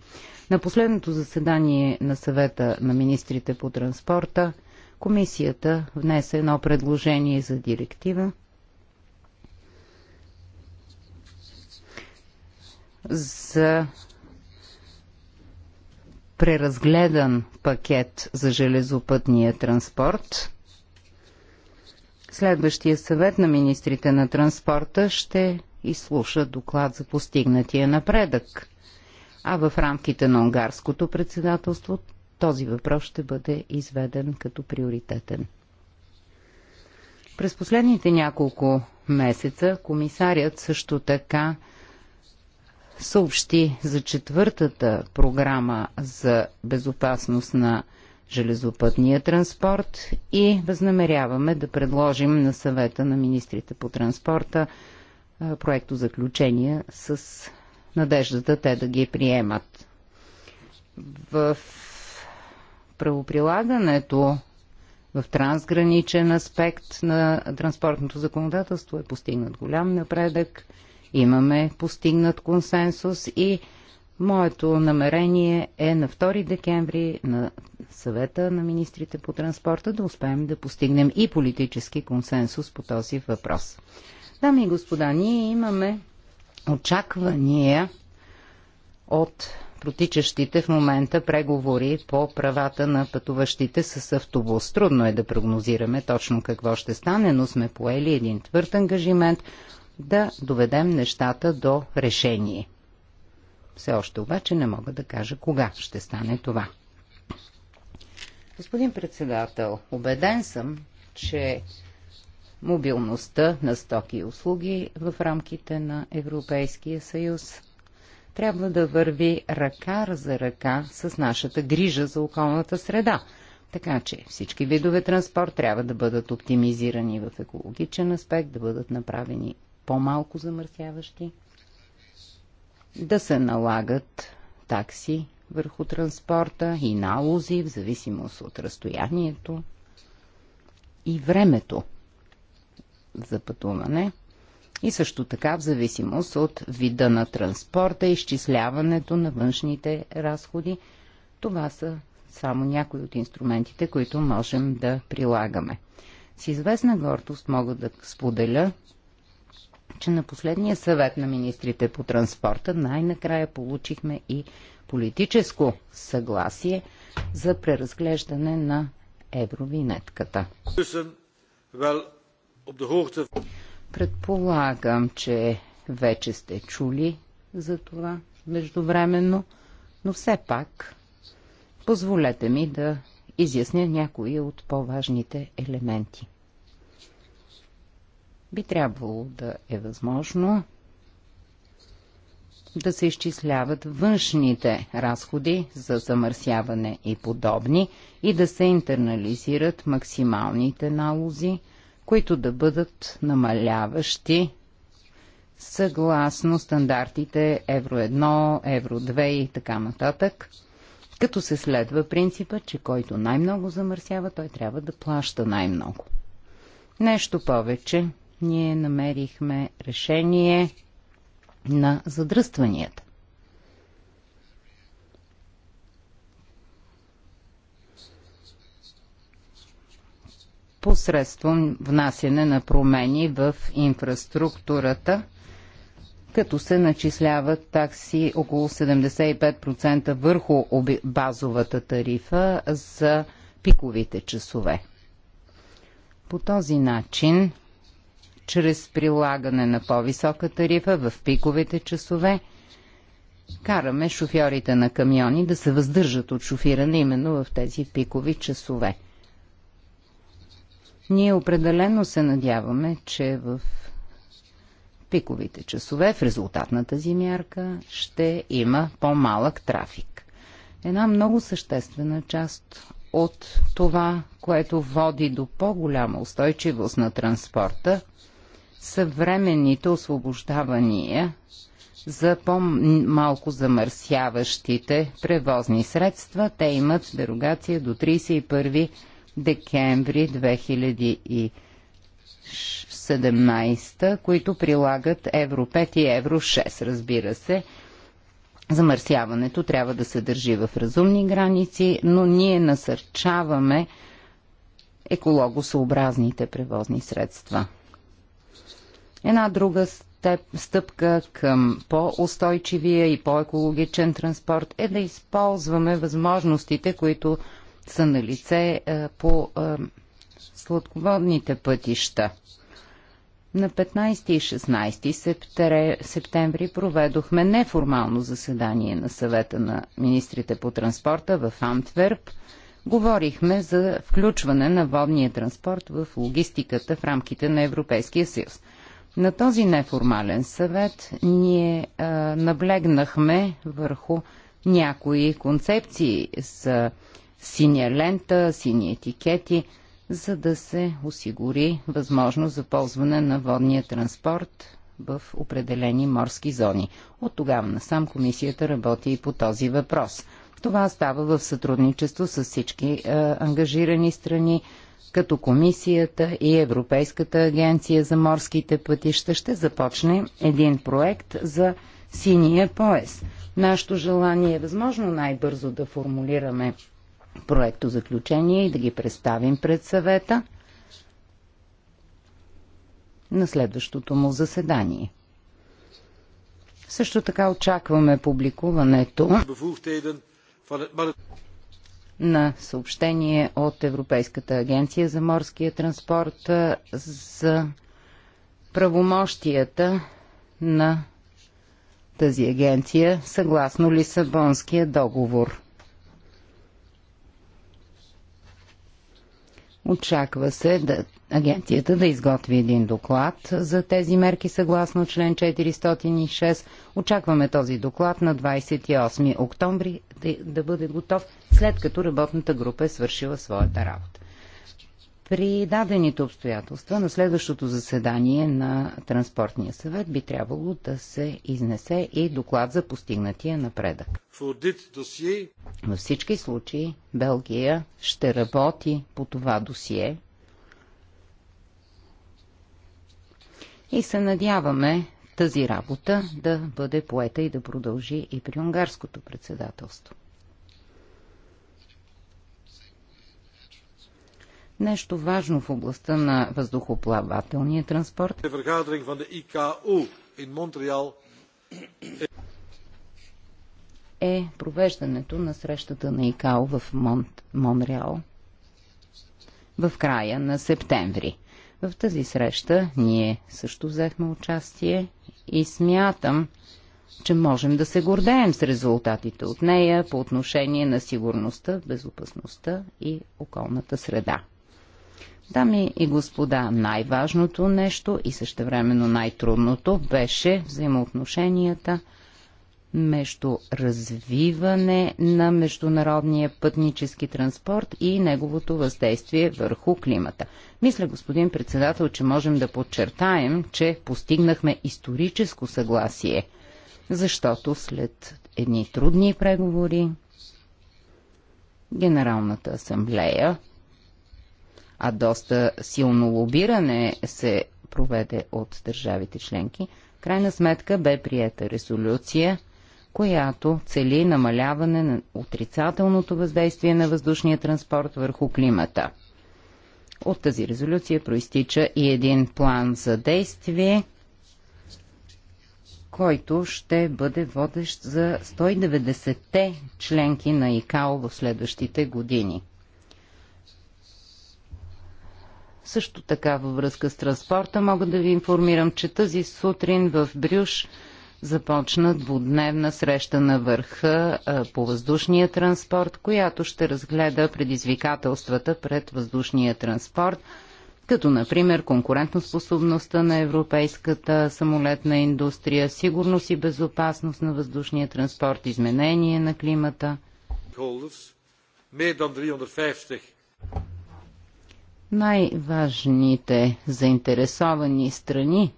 На последното заседание на съвета на министрите по транспорта комисията внесе едно предложение за директива за преразгледан пакет за железопътния транспорт – Следващия съвет на министрите на транспорта ще изслуша доклад за постигнатия напредък. А в рамките на унгарското председателство този въпрос ще бъде изведен като приоритетен. През последните няколко месеца комисарят също така съобщи за четвъртата програма за безопасност на железопътния транспорт и възнамеряваме да предложим на съвета на министрите по транспорта проекто заключения с надеждата те да ги приемат. В правоприлагането в трансграничен аспект на транспортното законодателство е постигнат голям напредък, имаме постигнат консенсус и моето намерение е на 2 декември на съвета на министрите по транспорта да успеем да постигнем и политически консенсус по този въпрос. Дами и господа, ние имаме очаквания от протичащите в момента преговори по правата на пътуващите с автобус. Трудно е да прогнозираме точно какво ще стане, но сме поели един твърд ангажимент да доведем нещата до решение. Все още обаче не мога да кажа кога ще стане това. Господин председател, убеден съм, че мобилността на стоки и услуги в рамките на Европейския съюз трябва да върви ръка за ръка с нашата грижа за околната среда. Така че всички видове транспорт трябва да бъдат оптимизирани в екологичен аспект, да бъдат направени по-малко замърсяващи, да се налагат такси върху транспорта и налози, в зависимост от разстоянието и времето за пътуване. И също така в зависимост от вида на транспорта, изчисляването на външните разходи. Това са само някои от инструментите, които можем да прилагаме. С известна гордост мога да споделя, че на последния съвет на министрите по транспорта най-накрая получихме и политическо съгласие за преразглеждане на евровинетката. Предполагам, че вече сте чули за това междувременно, но все пак позволете ми да изясня някои от по-важните елементи. Би трябвало да е възможно да се изчисляват външните разходи за замърсяване и подобни и да се интернализират максималните налози, които да бъдат намаляващи съгласно стандартите Евро 1, Евро 2 и така нататък, като се следва принципа, че който най-много замърсява, той трябва да плаща най-много. Нещо повече, ние намерихме решение – на задръстванията. посредством внасяне на промени в инфраструктурата, като се начисляват такси около 75% върху базовата тарифа за пиковите часове. По този начин чрез прилагане на по-висока тарифа в пиковите часове. Караме шофьорите на камиони да се въздържат от шофиране именно в тези пикови часове. Ние определено се надяваме, че в пиковите часове в резултат на тази мярка ще има по-малък трафик. Една много съществена част от това, което води до по-голяма устойчивост на транспорта, съвременните освобождавания за по-малко замърсяващите превозни средства. Те имат дерогация до 31 декември 2017, които прилагат Евро 5 и Евро 6, разбира се. Замърсяването трябва да се държи в разумни граници, но ние насърчаваме екологосъобразните превозни средства една друга стъпка към по-устойчивия и по-екологичен транспорт е да използваме възможностите, които са на лице е, по е, сладководните пътища. На 15 и 16 септември проведохме неформално заседание на съвета на министрите по транспорта в Антверп. Говорихме за включване на водния транспорт в логистиката в рамките на Европейския съюз. На този неформален съвет ние а, наблегнахме върху някои концепции с синя лента, сини етикети, за да се осигури възможност за ползване на водния транспорт в определени морски зони. От тогава насам комисията работи и по този въпрос. Това става в сътрудничество с всички а, ангажирани страни, като Комисията и Европейската агенция за морските пътища ще започне един проект за синия пояс. Нашето желание е възможно най-бързо да формулираме проекто заключение и да ги представим пред съвета на следващото му заседание. Също така очакваме публикуването на съобщение от Европейската агенция за морския транспорт за правомощията на тази агенция съгласно Лисабонския договор. Очаква се да агенцията да изготви един доклад за тези мерки съгласно член 406. Очакваме този доклад на 28 октомври да, да бъде готов, след като работната група е свършила своята работа. При дадените обстоятелства на следващото заседание на Транспортния съвет би трябвало да се изнесе и доклад за постигнатия напредък. Във всички случаи Белгия ще работи по това досие и се надяваме тази работа да бъде поета и да продължи и при унгарското председателство. Нещо важно в областта на въздухоплавателния транспорт е провеждането на срещата на ИКАО в Мон... Монреал в края на септември. В тази среща ние също взехме участие и смятам, че можем да се гордеем с резултатите от нея по отношение на сигурността, безопасността и околната среда. Дами и господа, най-важното нещо и същевременно най-трудното беше взаимоотношенията – между развиване на международния пътнически транспорт и неговото въздействие върху климата. Мисля, господин председател, че можем да подчертаем, че постигнахме историческо съгласие, защото след едни трудни преговори Генералната асамблея, а доста силно лобиране се проведе от държавите членки, крайна сметка бе приета резолюция – която цели намаляване на отрицателното въздействие на въздушния транспорт върху климата. От тази резолюция проистича и един план за действие, който ще бъде водещ за 190-те членки на ИКАО в следващите години. Също така във връзка с транспорта мога да ви информирам, че тази сутрин в Брюш – започна двудневна среща на върха по въздушния транспорт, която ще разгледа предизвикателствата пред въздушния транспорт, като например конкурентоспособността на европейската самолетна индустрия, сигурност и безопасност на въздушния транспорт, изменение на климата. Най-важните заинтересовани страни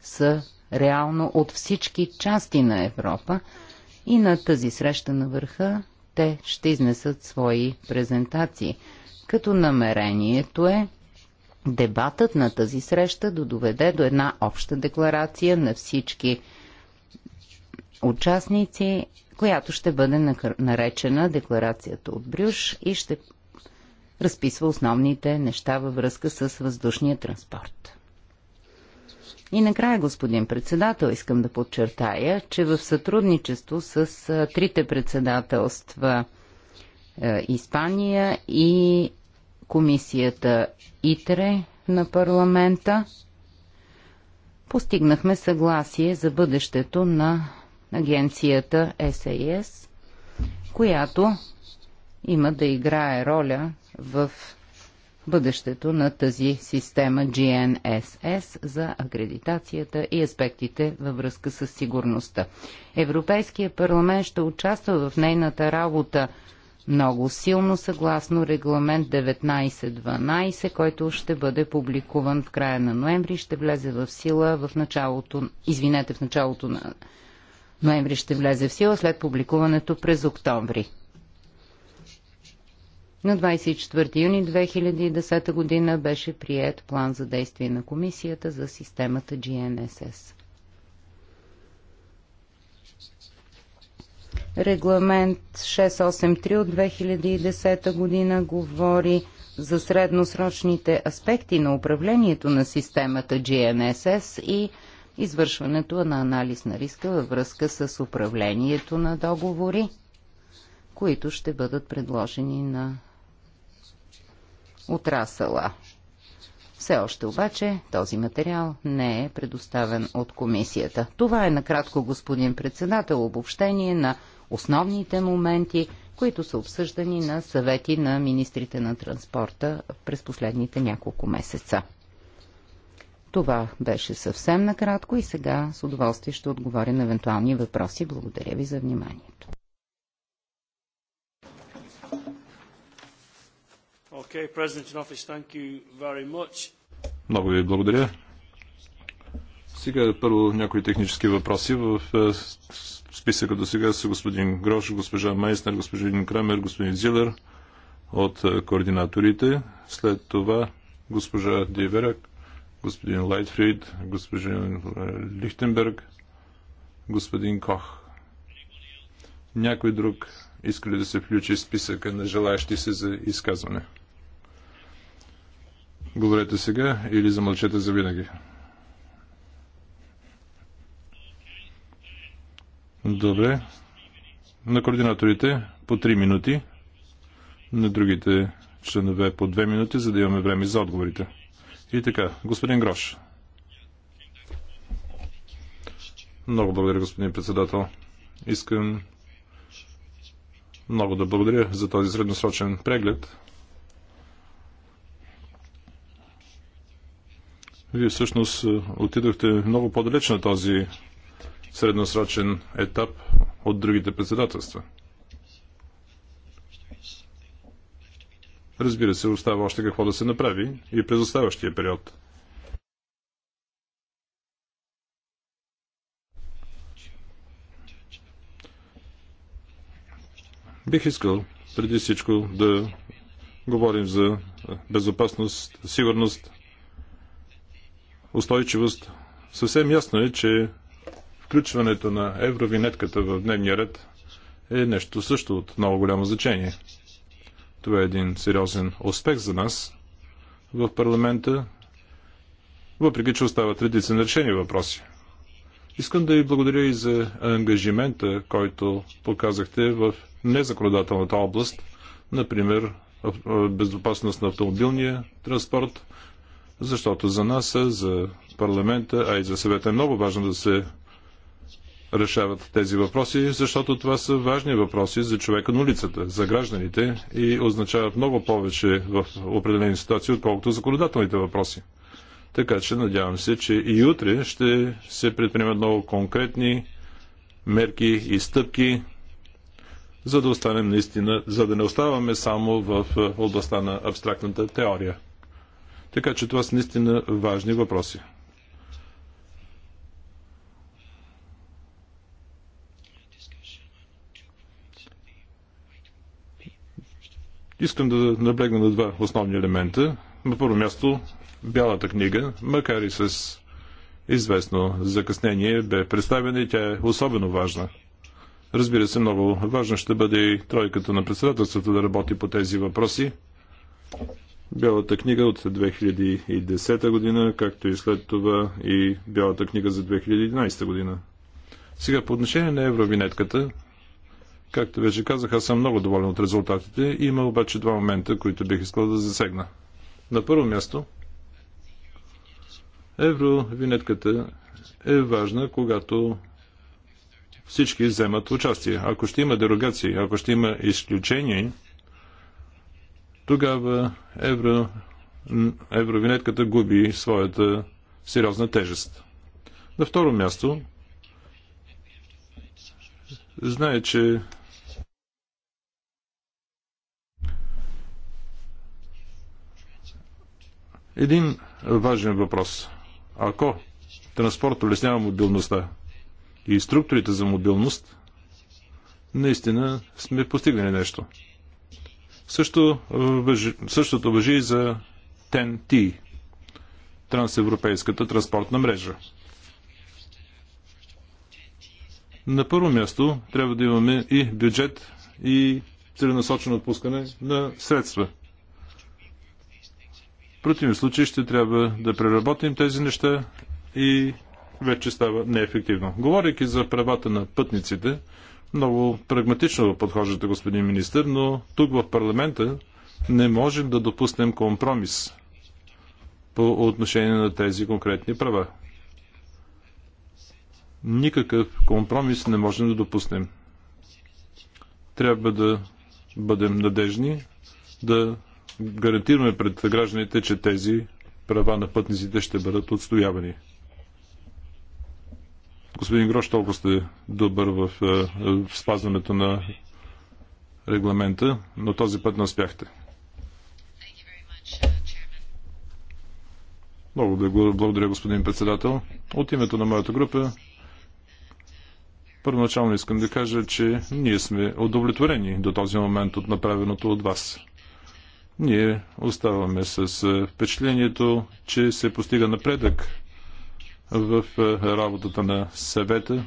са реално от всички части на Европа и на тази среща на върха те ще изнесат свои презентации, като намерението е дебатът на тази среща да доведе до една обща декларация на всички участници, която ще бъде наречена Декларацията от Брюш и ще разписва основните неща във връзка с въздушния транспорт. И накрая, господин председател, искам да подчертая, че в сътрудничество с трите председателства Испания и комисията ИТРЕ на парламента постигнахме съгласие за бъдещето на агенцията SAS, която има да играе роля в бъдещето на тази система GNSS за акредитацията и аспектите във връзка с сигурността. Европейския парламент ще участва в нейната работа много силно съгласно регламент 1912, който ще бъде публикуван в края на ноември, ще влезе в сила в началото, извинете, в началото на ноември ще влезе в сила след публикуването през октомври. На 24 юни 2010 година беше прият план за действие на комисията за системата GNSS. Регламент 683 от 2010 година говори за средносрочните аспекти на управлението на системата GNSS и извършването на анализ на риска във връзка с управлението на договори, които ще бъдат предложени на отрасъла. Все още обаче този материал не е предоставен от комисията. Това е накратко, господин председател, обобщение на основните моменти, които са обсъждани на съвети на министрите на транспорта през последните няколко месеца. Това беше съвсем накратко и сега с удоволствие ще отговоря на евентуални въпроси. Благодаря ви за вниманието. Okay, President in Office, thank you very much. Много ви благодаря. Сега първо някои технически въпроси. В е, списъка до сега са господин Грош, госпожа Майснер, господин Крамер, господин Зилер от е, координаторите. След това госпожа Диверак, господин Лайтфрид, господин е, Лихтенберг, господин Кох. Някой друг иска ли да се включи в списъка на желаящи се за изказване? Говорете сега или замълчете за винаги. Добре. На координаторите по 3 минути, на другите членове по 2 минути, за да имаме време за отговорите. И така, господин Грош. Много благодаря, господин председател. Искам много да благодаря за този средносрочен преглед Вие всъщност е, отидохте много по-далеч на този средносрочен етап от другите председателства. Разбира се, остава още какво да се направи и през оставащия период. Бих искал преди всичко да говорим за безопасност, сигурност, устойчивост. Съвсем ясно е, че включването на евровинетката в дневния ред е нещо също от много голямо значение. Това е един сериозен успех за нас в парламента, въпреки че остават редица нарешени въпроси. Искам да ви благодаря и за ангажимента, който показахте в незаконодателната област, например безопасност на автомобилния транспорт, защото за нас, за парламента, а и за съвета е много важно да се решават тези въпроси, защото това са важни въпроси за човека на улицата, за гражданите и означават много повече в определени ситуации, отколкото законодателните въпроси. Така че надявам се, че и утре ще се предприемат много конкретни мерки и стъпки, за да останем наистина, за да не оставаме само в областта на абстрактната теория. Така че това са наистина важни въпроси. Искам да наблегна на два основни елемента. На първо място, Бялата книга, макар и с известно закъснение, бе представена и тя е особено важна. Разбира се, много важно ще бъде и тройката на председателството да работи по тези въпроси. Бялата книга от 2010 година, както и след това и Бялата книга за 2011 година. Сега по отношение на евровинетката, както вече казах, аз съм много доволен от резултатите. Има обаче два момента, които бих искал да засегна. На първо място, евровинетката е важна, когато всички вземат участие. Ако ще има дерогации, ако ще има изключения, тогава евро, евровинетката губи своята сериозна тежест. На второ място, знае, че един важен въпрос. Ако транспорт улеснява мобилността и структурите за мобилност, наистина сме постигнали нещо – също е, същото въжи и за ten трансевропейската транспортна мрежа. На първо място трябва да имаме и бюджет и целенасочено отпускане на средства. В противен случай ще трябва да преработим тези неща и вече става неефективно. Говорейки за правата на пътниците, много прагматично подхождате, господин министр, но тук в парламента не можем да допуснем компромис по отношение на тези конкретни права. Никакъв компромис не можем да допуснем. Трябва да бъдем надежни, да гарантираме пред гражданите, че тези права на пътниците ще бъдат отстоявани. Господин Грош, толкова сте добър в, е, в спазването на регламента, но този път не успяхте. Много благодаря, господин председател. От името на моята група първоначално искам да кажа, че ние сме удовлетворени до този момент от направеното от вас. Ние оставаме с е, впечатлението, че се постига напредък в е, работата на съвета.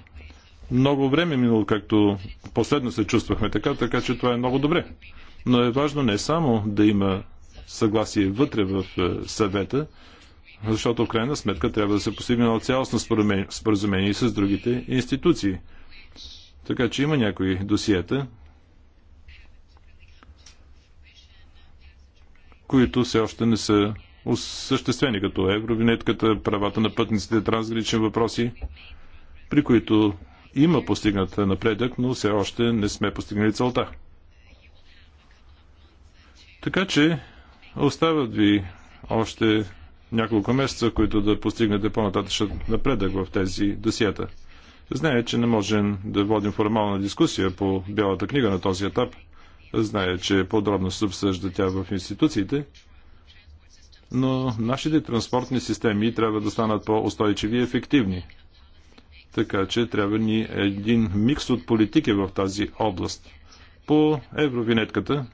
Много време е минало, както последно се чувствахме така, така че това е много добре. Но е важно не само да има съгласие вътре в е, съвета, защото в крайна сметка трябва да се постигне на цялостно споразумение с другите институции. Така че има някои досиета, които все още не са осъществени като евровинетката, правата на пътниците, трансгранични въпроси, при които има постигнат напредък, но все още не сме постигнали целта. Така че остават ви още няколко месеца, които да постигнете по-нататъчен напредък в тези досиета. Знае, че не можем да водим формална дискусия по Бялата книга на този етап. Знае, че подробно се обсъжда тя в институциите – но нашите транспортни системи трябва да станат по-устойчиви и ефективни. Така че трябва ни един микс от политики в тази област. По евровинетката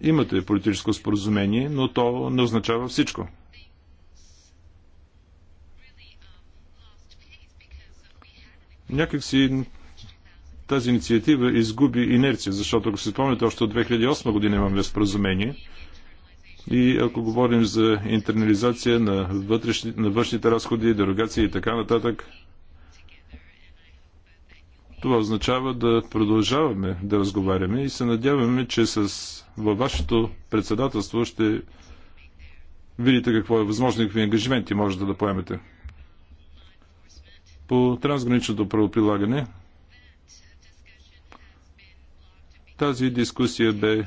имате политическо споразумение, но то не означава всичко. Някакси тази инициатива изгуби инерция, защото ако се спомняте, още от 2008 година имаме споразумение и ако говорим за интернализация на, вътрешни, на външните разходи, дерогации и така нататък, това означава да продължаваме да разговаряме и се надяваме, че с, във вашето председателство ще видите какво е възможно и какви ангажименти можете да поемете. По трансграничното правоприлагане тази дискусия бе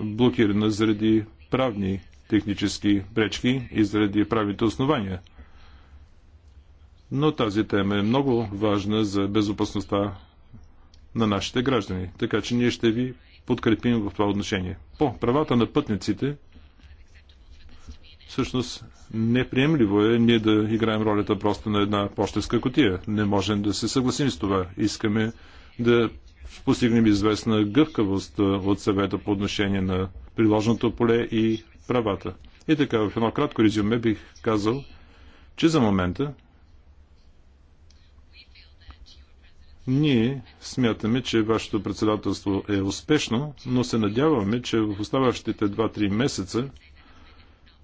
блокирана заради правни технически пречки и заради правните основания. Но тази тема е много важна за безопасността на нашите граждани, така че ние ще ви подкрепим в това отношение. По правата на пътниците, всъщност неприемливо е ние да играем ролята просто на една почтеска котия. Не можем да се съгласим с това. Искаме да постигнем известна гъвкавост от съвета по отношение на приложното поле и правата. И така, в едно кратко резюме бих казал, че за момента Ние смятаме, че вашето председателство е успешно, но се надяваме, че в оставащите 2-3 месеца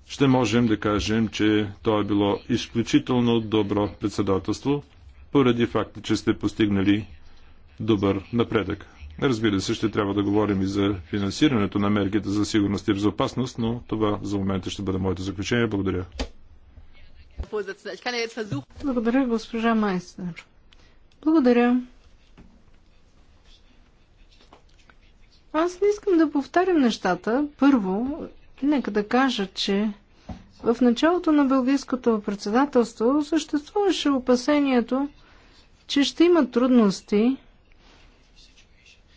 ще можем да кажем, че то е било изключително добро председателство, поради факта, че сте постигнали добър напредък. Разбира се, ще трябва да говорим и за финансирането на мерките за сигурност и безопасност, но това за момента ще бъде моето заключение. Благодаря. Благодаря, госпожа майстер. Благодаря. Аз не искам да повтарям нещата. Първо, нека да кажа, че в началото на Белгийското председателство съществуваше опасението, че ще има трудности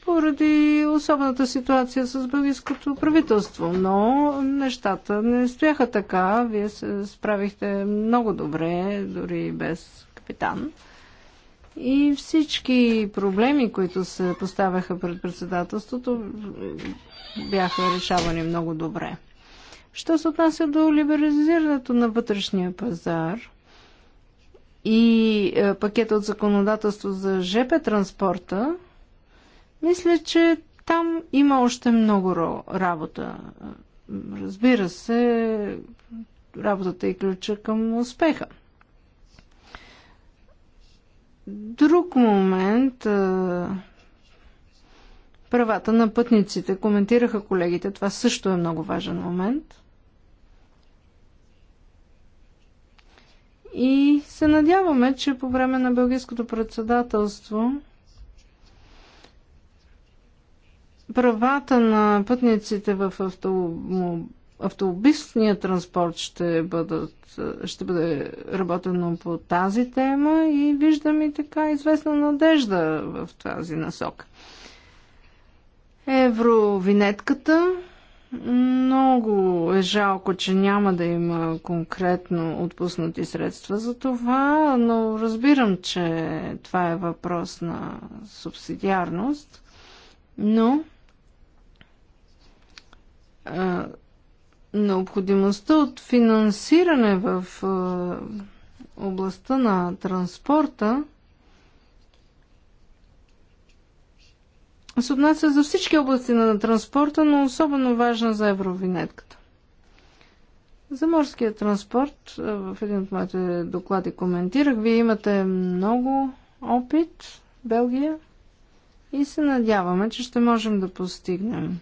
поради особената ситуация с българското правителство. Но нещата не стояха така. Вие се справихте много добре, дори без капитан. И всички проблеми, които се поставяха пред председателството, бяха решавани много добре. Що се отнася до либерализирането на вътрешния пазар и е, пакета от законодателство за ЖП транспорта, мисля, че там има още много работа. Разбира се, работата е ключа към успеха. Друг момент. Правата на пътниците. Коментираха колегите. Това също е много важен момент. И се надяваме, че по време на Белгийското председателство правата на пътниците в автобусния транспорт ще, бъдат, ще бъде работено по тази тема и виждам и така известна надежда в тази насока. Евровинетката. Много е жалко, че няма да има конкретно отпуснати средства за това, но разбирам, че това е въпрос на субсидиарност. Но необходимостта от финансиране в областта на транспорта се отнася за всички области на транспорта, но особено важна за евровинетката. За морския транспорт, в един от моите доклади коментирах, вие имате много опит, Белгия, и се надяваме, че ще можем да постигнем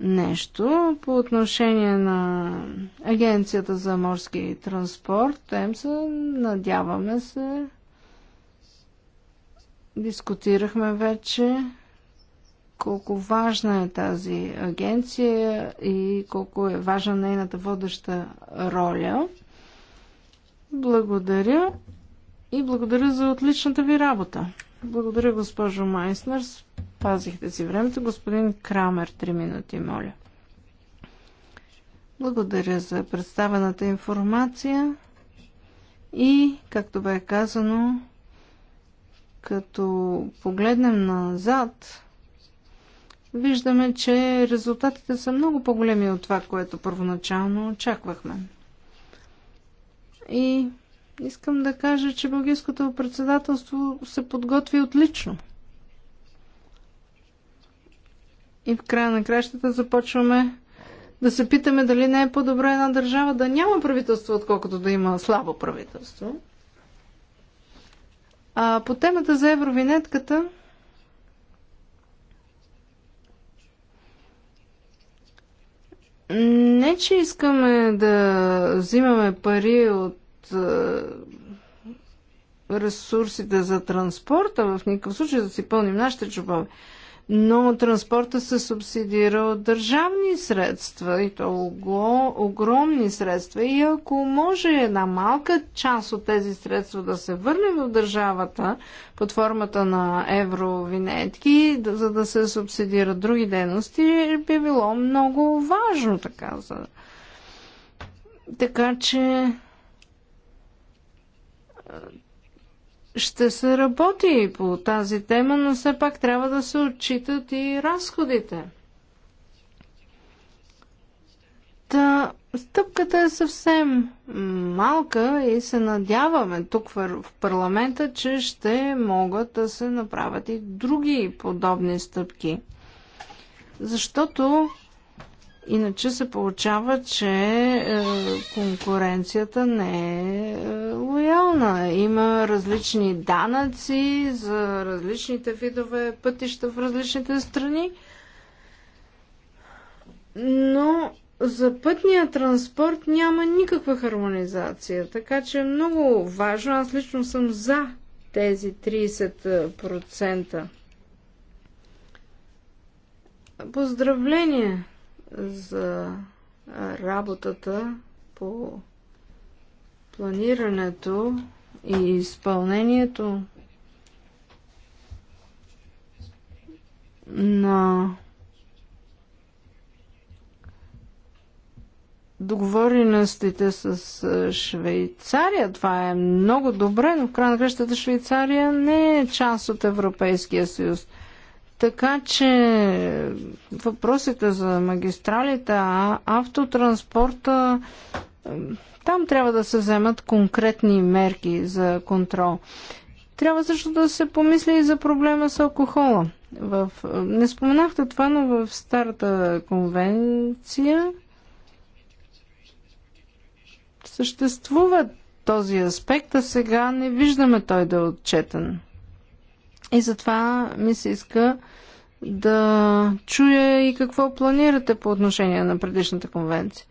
нещо по отношение на Агенцията за морски транспорт. тем се, надяваме се, дискутирахме вече колко важна е тази агенция и колко е важна нейната водеща роля. Благодаря и благодаря за отличната ви работа. Благодаря, госпожо Майснерс. Пазихте си времето. Господин Крамер, три минути, моля. Благодаря за представената информация и, както бе казано, като погледнем назад, виждаме, че резултатите са много по-големи от това, което първоначално очаквахме. И искам да кажа, че Бългийското председателство се подготви отлично – И в края на кращата започваме да се питаме дали не е по-добре една държава да няма правителство, отколкото да има слабо правителство. А по темата за евровинетката, не че искаме да взимаме пари от ресурсите за транспорта, в никакъв случай да си пълним нашите чубове но транспорта се субсидира от държавни средства и то огромни средства. И ако може една малка част от тези средства да се върне в държавата под формата на евровинетки, за да се субсидират други дейности, би било много важно така за. Така че ще се работи по тази тема, но все пак трябва да се отчитат и разходите. Та, стъпката е съвсем малка и се надяваме тук в парламента, че ще могат да се направят и други подобни стъпки. Защото Иначе се получава, че е, конкуренцията не е, е лоялна. Има различни данъци за различните видове пътища в различните страни. Но за пътния транспорт няма никаква хармонизация, така че е много важно. Аз лично съм за тези 30%. Поздравление за работата по планирането и изпълнението на договореностите с Швейцария. Това е много добре, но в крайна на кръщата Швейцария не е част от Европейския съюз. Така че въпросите за магистралите, а автотранспорта, там трябва да се вземат конкретни мерки за контрол. Трябва също да се помисли и за проблема с алкохола. В... Не споменахте това, но в старата конвенция съществува този аспект, а сега не виждаме той да е отчетен. И затова ми се иска да чуя и какво планирате по отношение на предишната конвенция.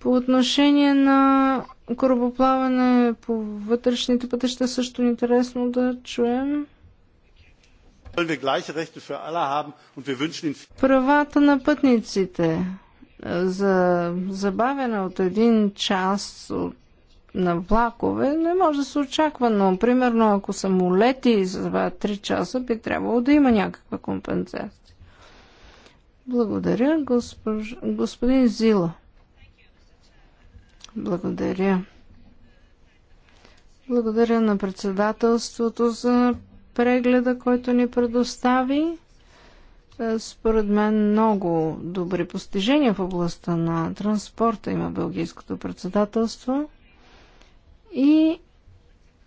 По отношение на корабоплаване по вътрешните пътища също е интересно да чуем. Правата на пътниците за забавяне от един час от на влакове не може да се очаква, но примерно ако самолети за 3 часа би трябвало да има някаква компенсация. Благодаря, госпож... господин Зила. Благодаря. Благодаря на председателството за прегледа, който ни предостави. Е, според мен много добри постижения в областта на транспорта има Белгийското председателство. И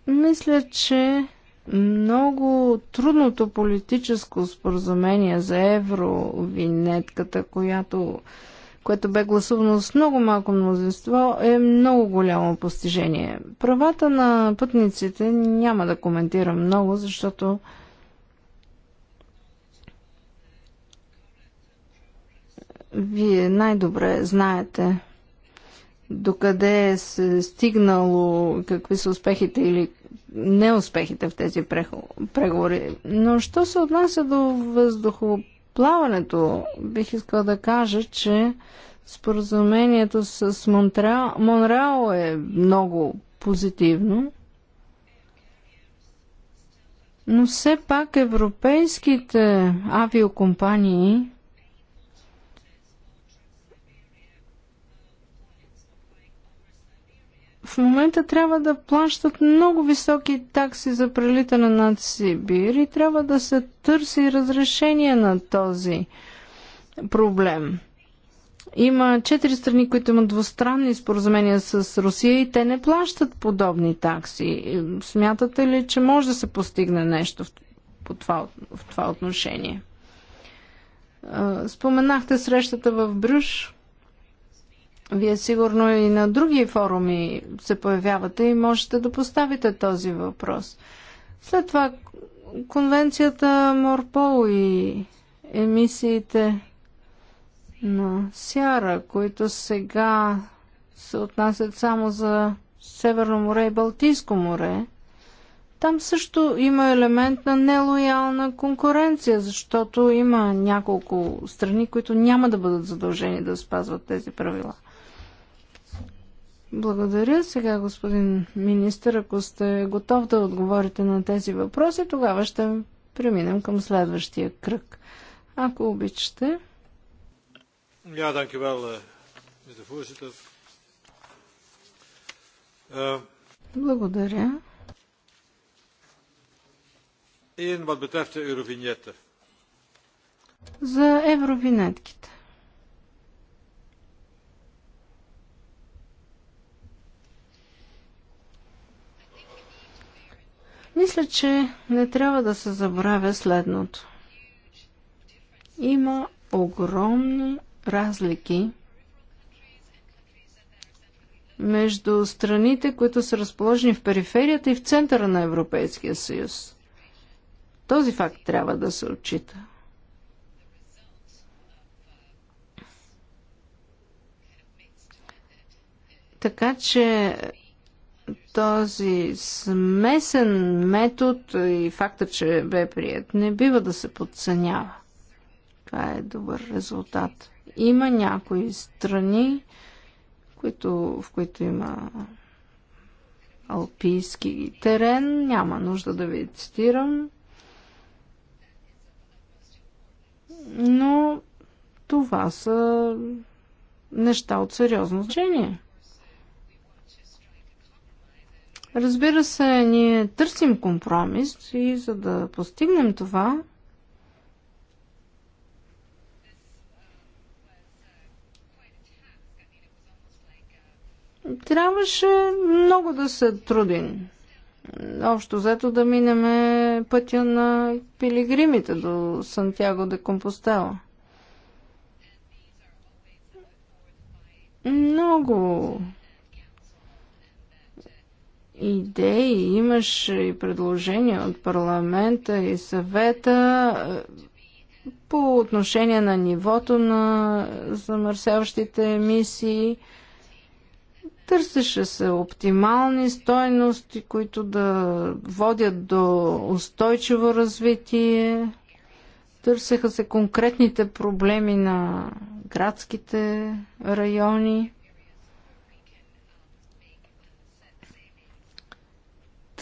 мисля, че много трудното политическо споразумение за евровинетката, която, което бе гласувано с много малко мнозинство, е много голямо постижение. Правата на пътниците няма да коментирам много, защото вие най-добре знаете докъде е стигнало, какви са успехите или неуспехите в тези преговори. Но що се отнася до въздухоплаването, бих искала да кажа, че споразумението с Монтреал, Монреал е много позитивно. Но все пак европейските авиокомпании в момента трябва да плащат много високи такси за прелитане над Сибир и трябва да се търси разрешение на този проблем. Има четири страни, които имат двустранни споразумения с Русия и те не плащат подобни такси. Смятате ли, че може да се постигне нещо в, по това, в това отношение? Споменахте срещата в Брюш. Вие сигурно и на други форуми се появявате и можете да поставите този въпрос. След това конвенцията Морпол и емисиите на сяра, които сега се отнасят само за Северно море и Балтийско море, там също има елемент на нелоялна конкуренция, защото има няколко страни, които няма да бъдат задължени да спазват тези правила. Благодаря. Сега, господин министр, ако сте готов да отговорите на тези въпроси, тогава ще преминем към следващия кръг. Ако обичате. данки dankjewel, eh, meneer voorzitter. Eh, Благодаря. In wat betreft de За евровинетките. Мисля, че не трябва да се забравя следното. Има огромни разлики между страните, които са разположени в периферията и в центъра на Европейския съюз. Този факт трябва да се отчита. Така че този смесен метод и факта, че бе прият, не бива да се подценява. Това е добър резултат. Има някои страни, които, в които има алпийски терен, няма нужда да ви цитирам. Но това са неща от сериозно значение. Разбира се, ние търсим компромис и за да постигнем това, трябваше много да се трудим. Общо взето да минеме пътя на пилигримите до Сантьяго де Компостела. Много идеи, имаше и предложения от парламента и съвета е, по отношение на нивото на замърсяващите емисии. Търсеше се оптимални стойности, които да водят до устойчиво развитие. Търсеха се конкретните проблеми на градските райони.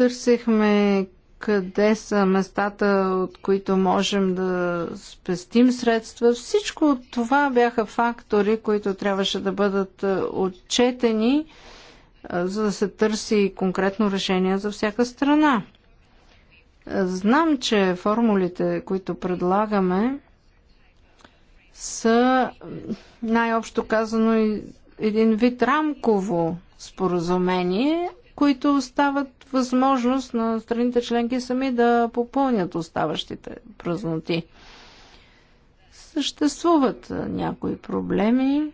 Търсехме къде са местата, от които можем да спестим средства. Всичко от това бяха фактори, които трябваше да бъдат е, отчетени, е, за да се търси конкретно решение за всяка страна. Знам, че формулите, които предлагаме, са най-общо казано един вид рамково споразумение, които остават възможност на страните членки сами да попълнят оставащите празноти. Съществуват някои проблеми,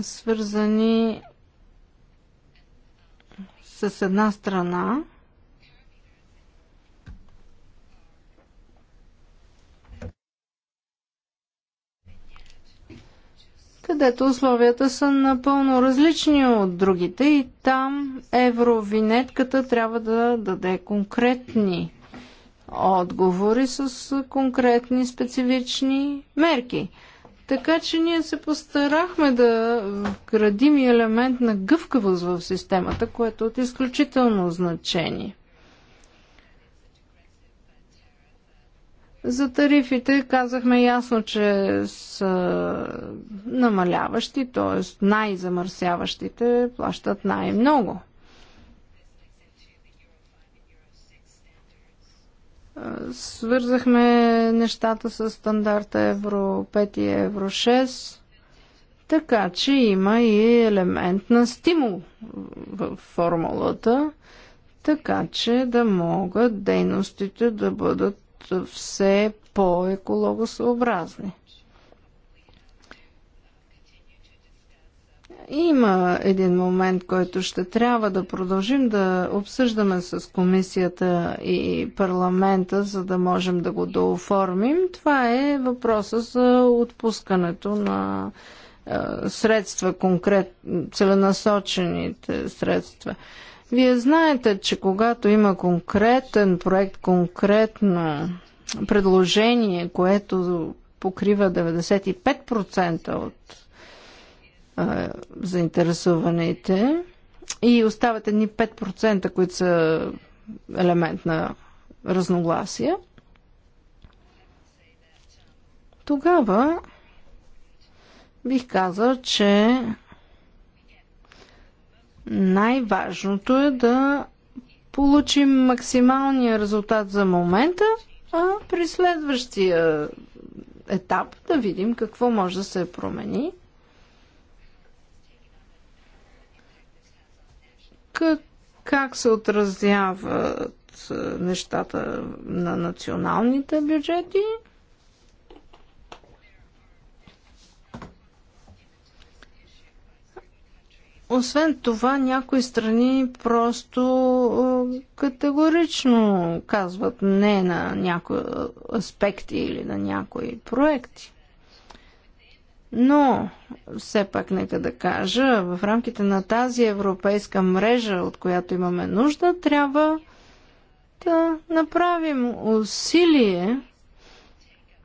свързани с една страна, където условията са напълно различни от другите и там евровинетката трябва да даде конкретни отговори с конкретни специфични мерки. Така че ние се постарахме да градим и елемент на гъвкавост в системата, което е от изключително значение. За тарифите казахме ясно, че са намаляващи, т.е. най-замърсяващите плащат най-много. Свързахме нещата с стандарта Евро 5 и Евро 6, така че има и елемент на стимул в формулата, така че да могат дейностите да бъдат все по-екологосъобразни. Има един момент, който ще трябва да продължим да обсъждаме с комисията и парламента, за да можем да го дооформим. Това е въпроса за отпускането на е, средства, конкрет, целенасочените средства. Вие знаете, че когато има конкретен проект, конкретно предложение, което покрива 95% от а, заинтересуваните и остават едни 5%, които са елемент на разногласия, тогава бих казал, че най-важното е да получим максималния резултат за момента, а при следващия етап да видим какво може да се промени. Как, как се отразяват е, нещата на националните бюджети Освен това, някои страни просто категорично казват не на някои аспекти или на някои проекти. Но, все пак нека да кажа, в рамките на тази европейска мрежа, от която имаме нужда, трябва да направим усилие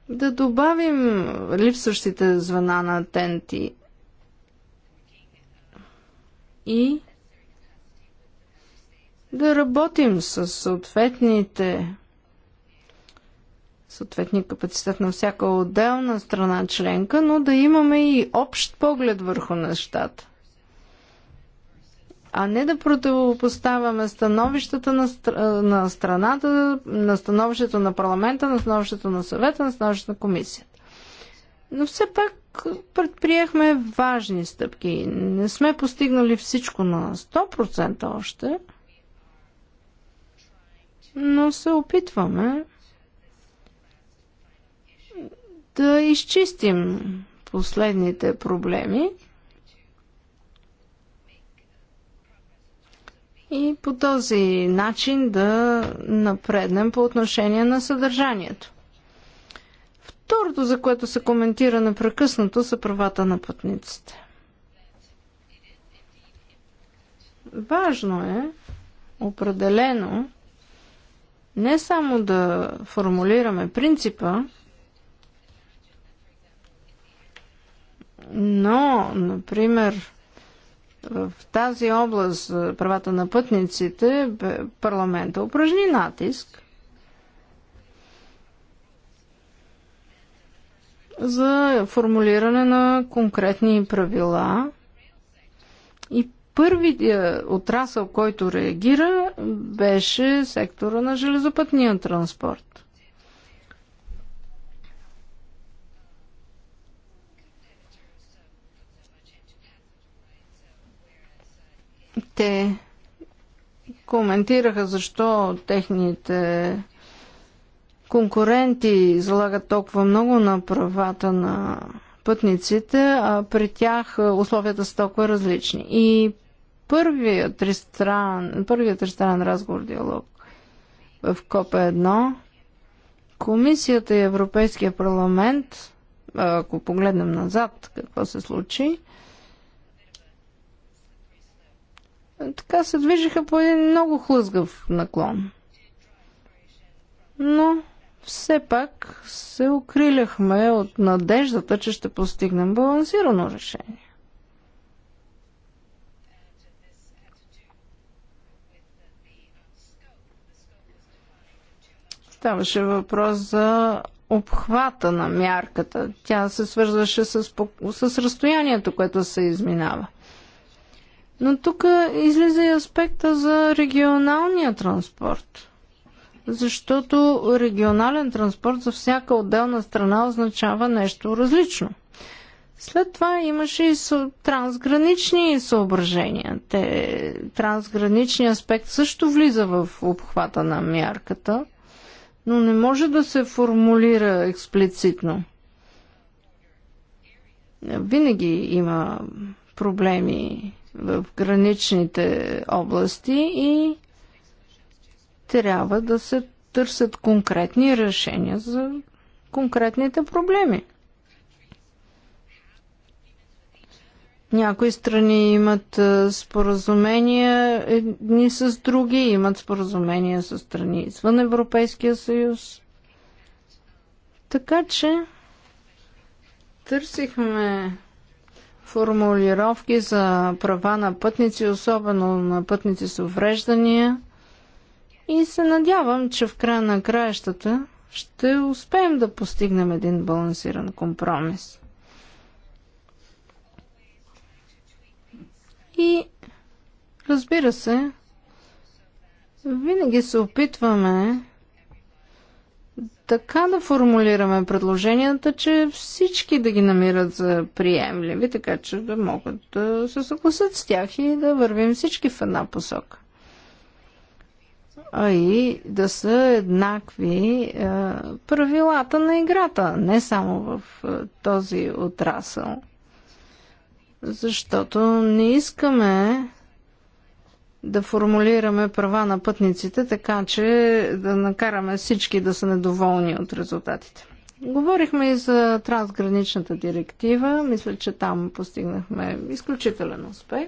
да добавим липсващите звена на ТНТ и да работим с съответните съответния капацитет на всяка отделна страна членка, но да имаме и общ поглед върху нещата. А не да противопоставяме становищата на, на страната, на становището на парламента, на становището на съвета, на становището на комисията. Но все пак предприехме важни стъпки. Не сме постигнали всичко на 100% още, но се опитваме да изчистим последните проблеми и по този начин да напреднем по отношение на съдържанието. Второто, за което се коментира непрекъснато, са правата на пътниците. Важно е, определено, не само да формулираме принципа, но, например, в тази област правата на пътниците парламента упражни натиск за формулиране на конкретни правила. И първият отрасъл, който реагира, беше сектора на железопътния транспорт. Те коментираха защо техните конкуренти залагат толкова много на правата на пътниците, а при тях е, условията са толкова различни. И първият ресторан, първият ресторан разговор диалог в КОП 1, Комисията и Европейския парламент, ако погледнем назад какво се случи, така се движиха по един много хлъзгав наклон. Но все пак се укриляхме от надеждата, че ще постигнем балансирано решение. Ставаше въпрос за обхвата на мярката. Тя се свързваше с, с разстоянието, което се изминава. Но тук излиза и аспекта за регионалния транспорт – защото регионален транспорт за всяка отделна страна означава нещо различно. След това имаше и трансгранични съображения. Те, трансграничният аспект също влиза в обхвата на мярката, но не може да се формулира експлицитно. Винаги има проблеми в граничните области и трябва да се търсят конкретни решения за конкретните проблеми. Някои страни имат споразумения едни с други, имат споразумения с страни извън Европейския съюз. Така че търсихме формулировки за права на пътници, особено на пътници с увреждания – и се надявам, че в края на краищата ще успеем да постигнем един балансиран компромис. И разбира се, винаги се опитваме така да формулираме предложенията, че всички да ги намират за приемливи, така че да могат да се съгласят с тях и да вървим всички в една посока а и да са еднакви е, правилата на играта, не само в е, този отрасъл. Защото не искаме да формулираме права на пътниците, така че да накараме всички да са недоволни от резултатите. Говорихме и за трансграничната директива. Мисля, че там постигнахме изключителен успех.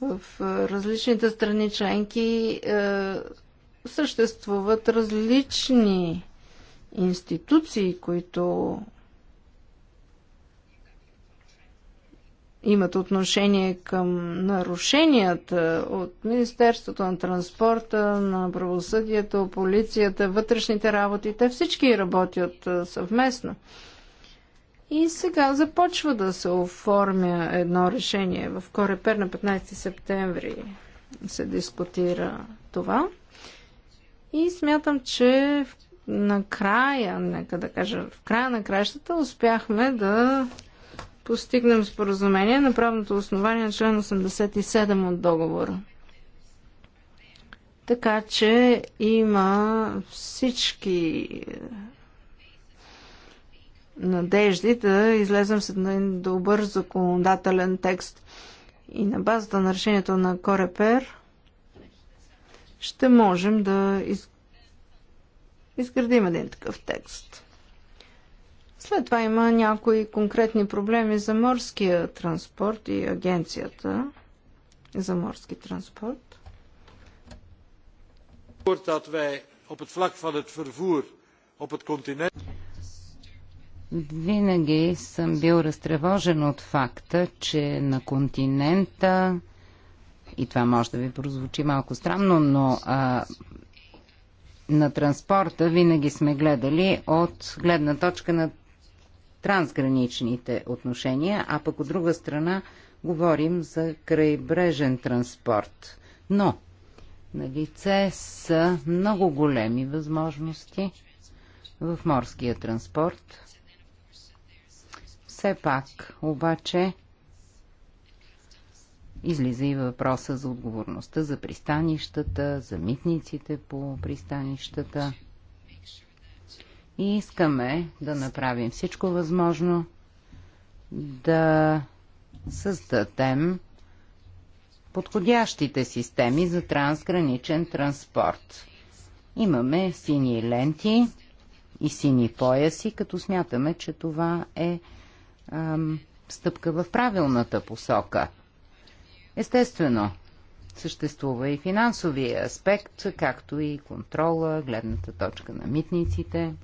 В различните страни членки е, съществуват различни институции, които имат отношение към нарушенията от Министерството на транспорта, на правосъдието, полицията, вътрешните работи. Те всички работят съвместно. И сега започва да се оформя едно решение. В Корепер на 15 септември се дискутира това. И смятам, че накрая, нека да кажа, в края на кращата успяхме да постигнем споразумение на правното основание на член 87 от договора. Така че има всички надежди да излезем с един добър законодателен текст. И на базата на решението на Корепер ще можем да из... изградим един такъв текст. След това има някои конкретни проблеми за морския транспорт и агенцията за морски транспорт. Dat wij op het vlak van het vervoer op het continent винаги съм бил разтревожен от факта, че на континента, и това може да ви прозвучи малко странно, но а, на транспорта винаги сме гледали от гледна точка на трансграничните отношения, а пък от друга страна говорим за крайбрежен транспорт. Но на лице са много големи възможности в морския транспорт. Все пак, обаче, излиза и въпроса за отговорността за пристанищата, за митниците по пристанищата. И искаме да направим всичко възможно да създадем подходящите системи за трансграничен транспорт. Имаме сини ленти и сини пояси, като смятаме, че това е ам, стъпка в правилната посока. Естествено, съществува и финансовия аспект, както и контрола, гледната точка на митниците.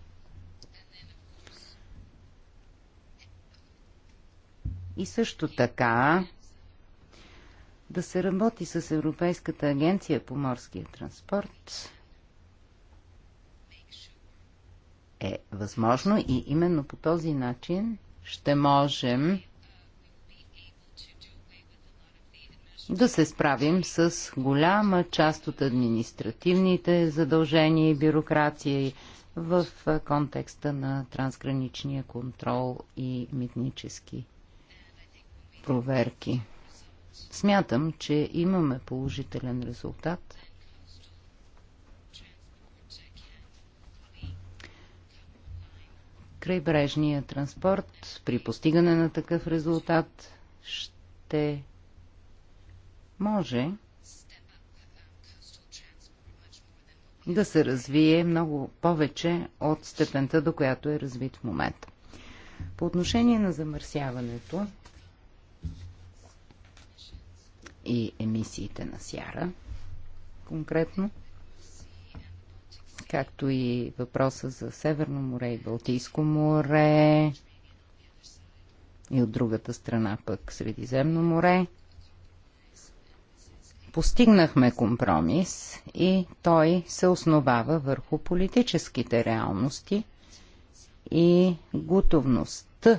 И също така да се работи с Европейската агенция по морския транспорт е възможно и именно по този начин ще можем да се справим с голяма част от административните задължения и бюрокрация в контекста на трансграничния контрол и митнически проверки. Смятам, че имаме положителен резултат крайбрежния транспорт при постигане на такъв резултат ще може да се развие много повече от степента, до която е развит в момента. По отношение на замърсяването и емисиите на сяра, конкретно, както и въпроса за Северно море и Балтийско море и от другата страна пък Средиземно море. Постигнахме компромис и той се основава върху политическите реалности и готовността,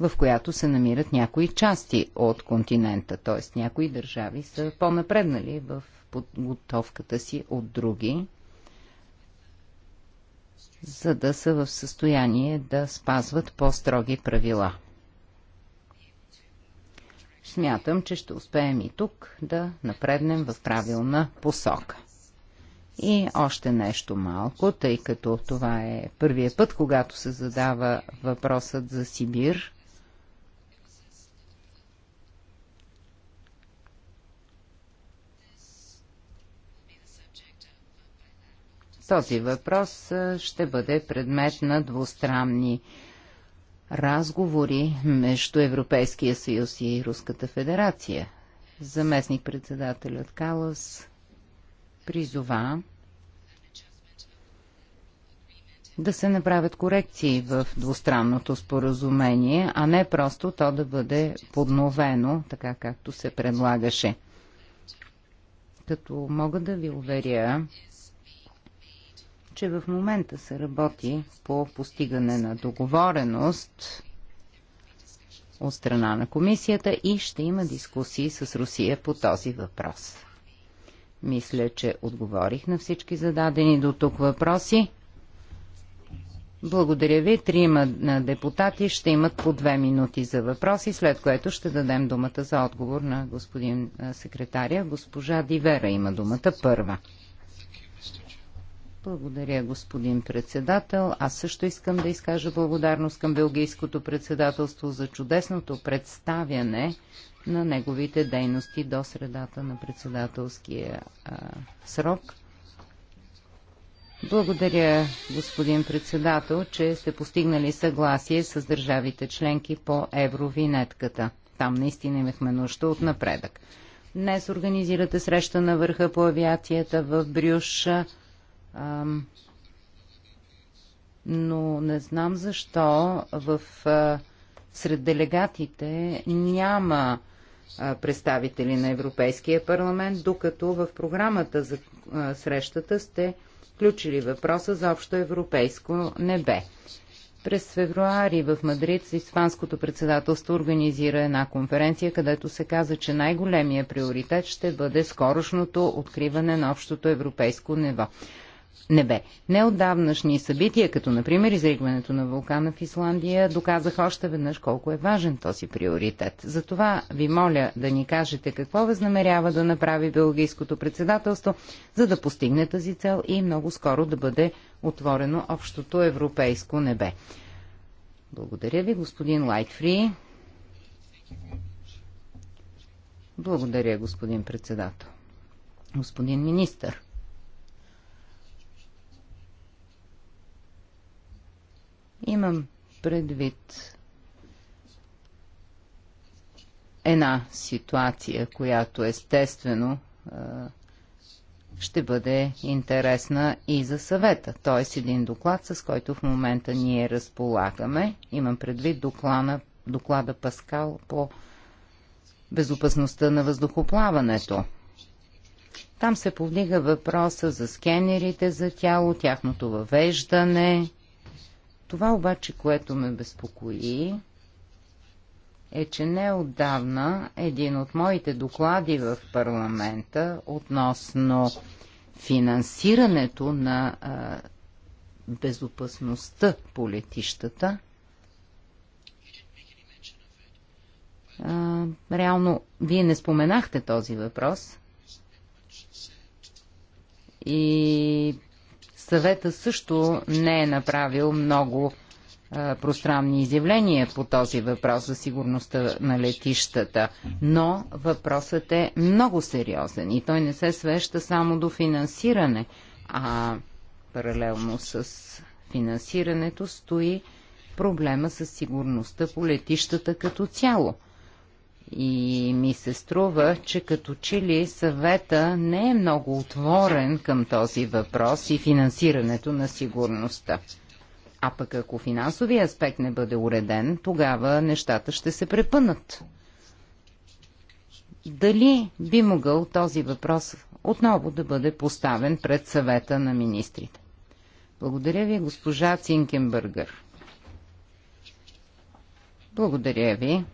в която се намират някои части от континента, т.е. някои държави са по-напреднали в подготовката си от други за да са в състояние да спазват по-строги правила. Смятам, че ще успеем и тук да напреднем в правилна посока. И още нещо малко, тъй като това е първият път, когато се задава въпросът за Сибир. Този въпрос ще бъде предмет на двустранни разговори между Европейския съюз и Руската федерация. Заместник председателят Калас призова да се направят корекции в двустранното споразумение, а не просто то да бъде подновено, така както се предлагаше. Като мога да ви уверя, че в момента се работи по постигане на договореност от страна на комисията и ще има дискусии с Русия по този въпрос. Мисля, че отговорих на всички зададени до тук въпроси. Благодаря ви. Трима на депутати ще имат по две минути за въпроси, след което ще дадем думата за отговор на господин секретаря. Госпожа Дивера има думата първа. Благодаря, господин председател. Аз също искам да изкажа благодарност към Белгийското председателство за чудесното представяне на неговите дейности до средата на председателския а, срок. Благодаря, господин председател, че сте постигнали съгласие с държавите членки по евровинетката. Там наистина имахме нужда от напредък. Днес организирате среща на върха по авиацията в Брюша но не знам защо в, сред делегатите няма представители на Европейския парламент, докато в програмата за срещата сте включили въпроса за общо европейско небе. През февруари в Мадрид Испанското председателство организира една конференция, където се каза, че най-големия приоритет ще бъде скорошното откриване на общото европейско ниво небе. Неотдавнашни събития, като например изригването на вулкана в Исландия, доказаха още веднъж колко е важен този приоритет. Затова ви моля да ни кажете какво възнамерява да направи Белгийското председателство, за да постигне тази цел и много скоро да бъде отворено общото европейско небе. Благодаря ви, господин Лайтфри. Благодаря, господин председател. Господин министър, Имам предвид една ситуация, която естествено ще бъде интересна и за съвета. Т.е. един доклад, с който в момента ние разполагаме. Имам предвид доклада, доклада Паскал по безопасността на въздухоплаването. Там се повдига въпроса за скенерите за тяло, тяхното въвеждане, това обаче, което ме безпокои, е, че не отдавна един от моите доклади в парламента относно финансирането на а, безопасността по летищата а, реално вие не споменахте този въпрос и съвета също не е направил много пространни изявления по този въпрос за сигурността на летищата, но въпросът е много сериозен и той не се свеща само до финансиране, а паралелно с финансирането стои проблема с сигурността по летищата като цяло – и ми се струва, че като че ли съвета не е много отворен към този въпрос и финансирането на сигурността. А пък ако финансовия аспект не бъде уреден, тогава нещата ще се препънат. Дали би могъл този въпрос отново да бъде поставен пред съвета на министрите? Благодаря ви, госпожа Цинкенбъргър. Благодаря ви.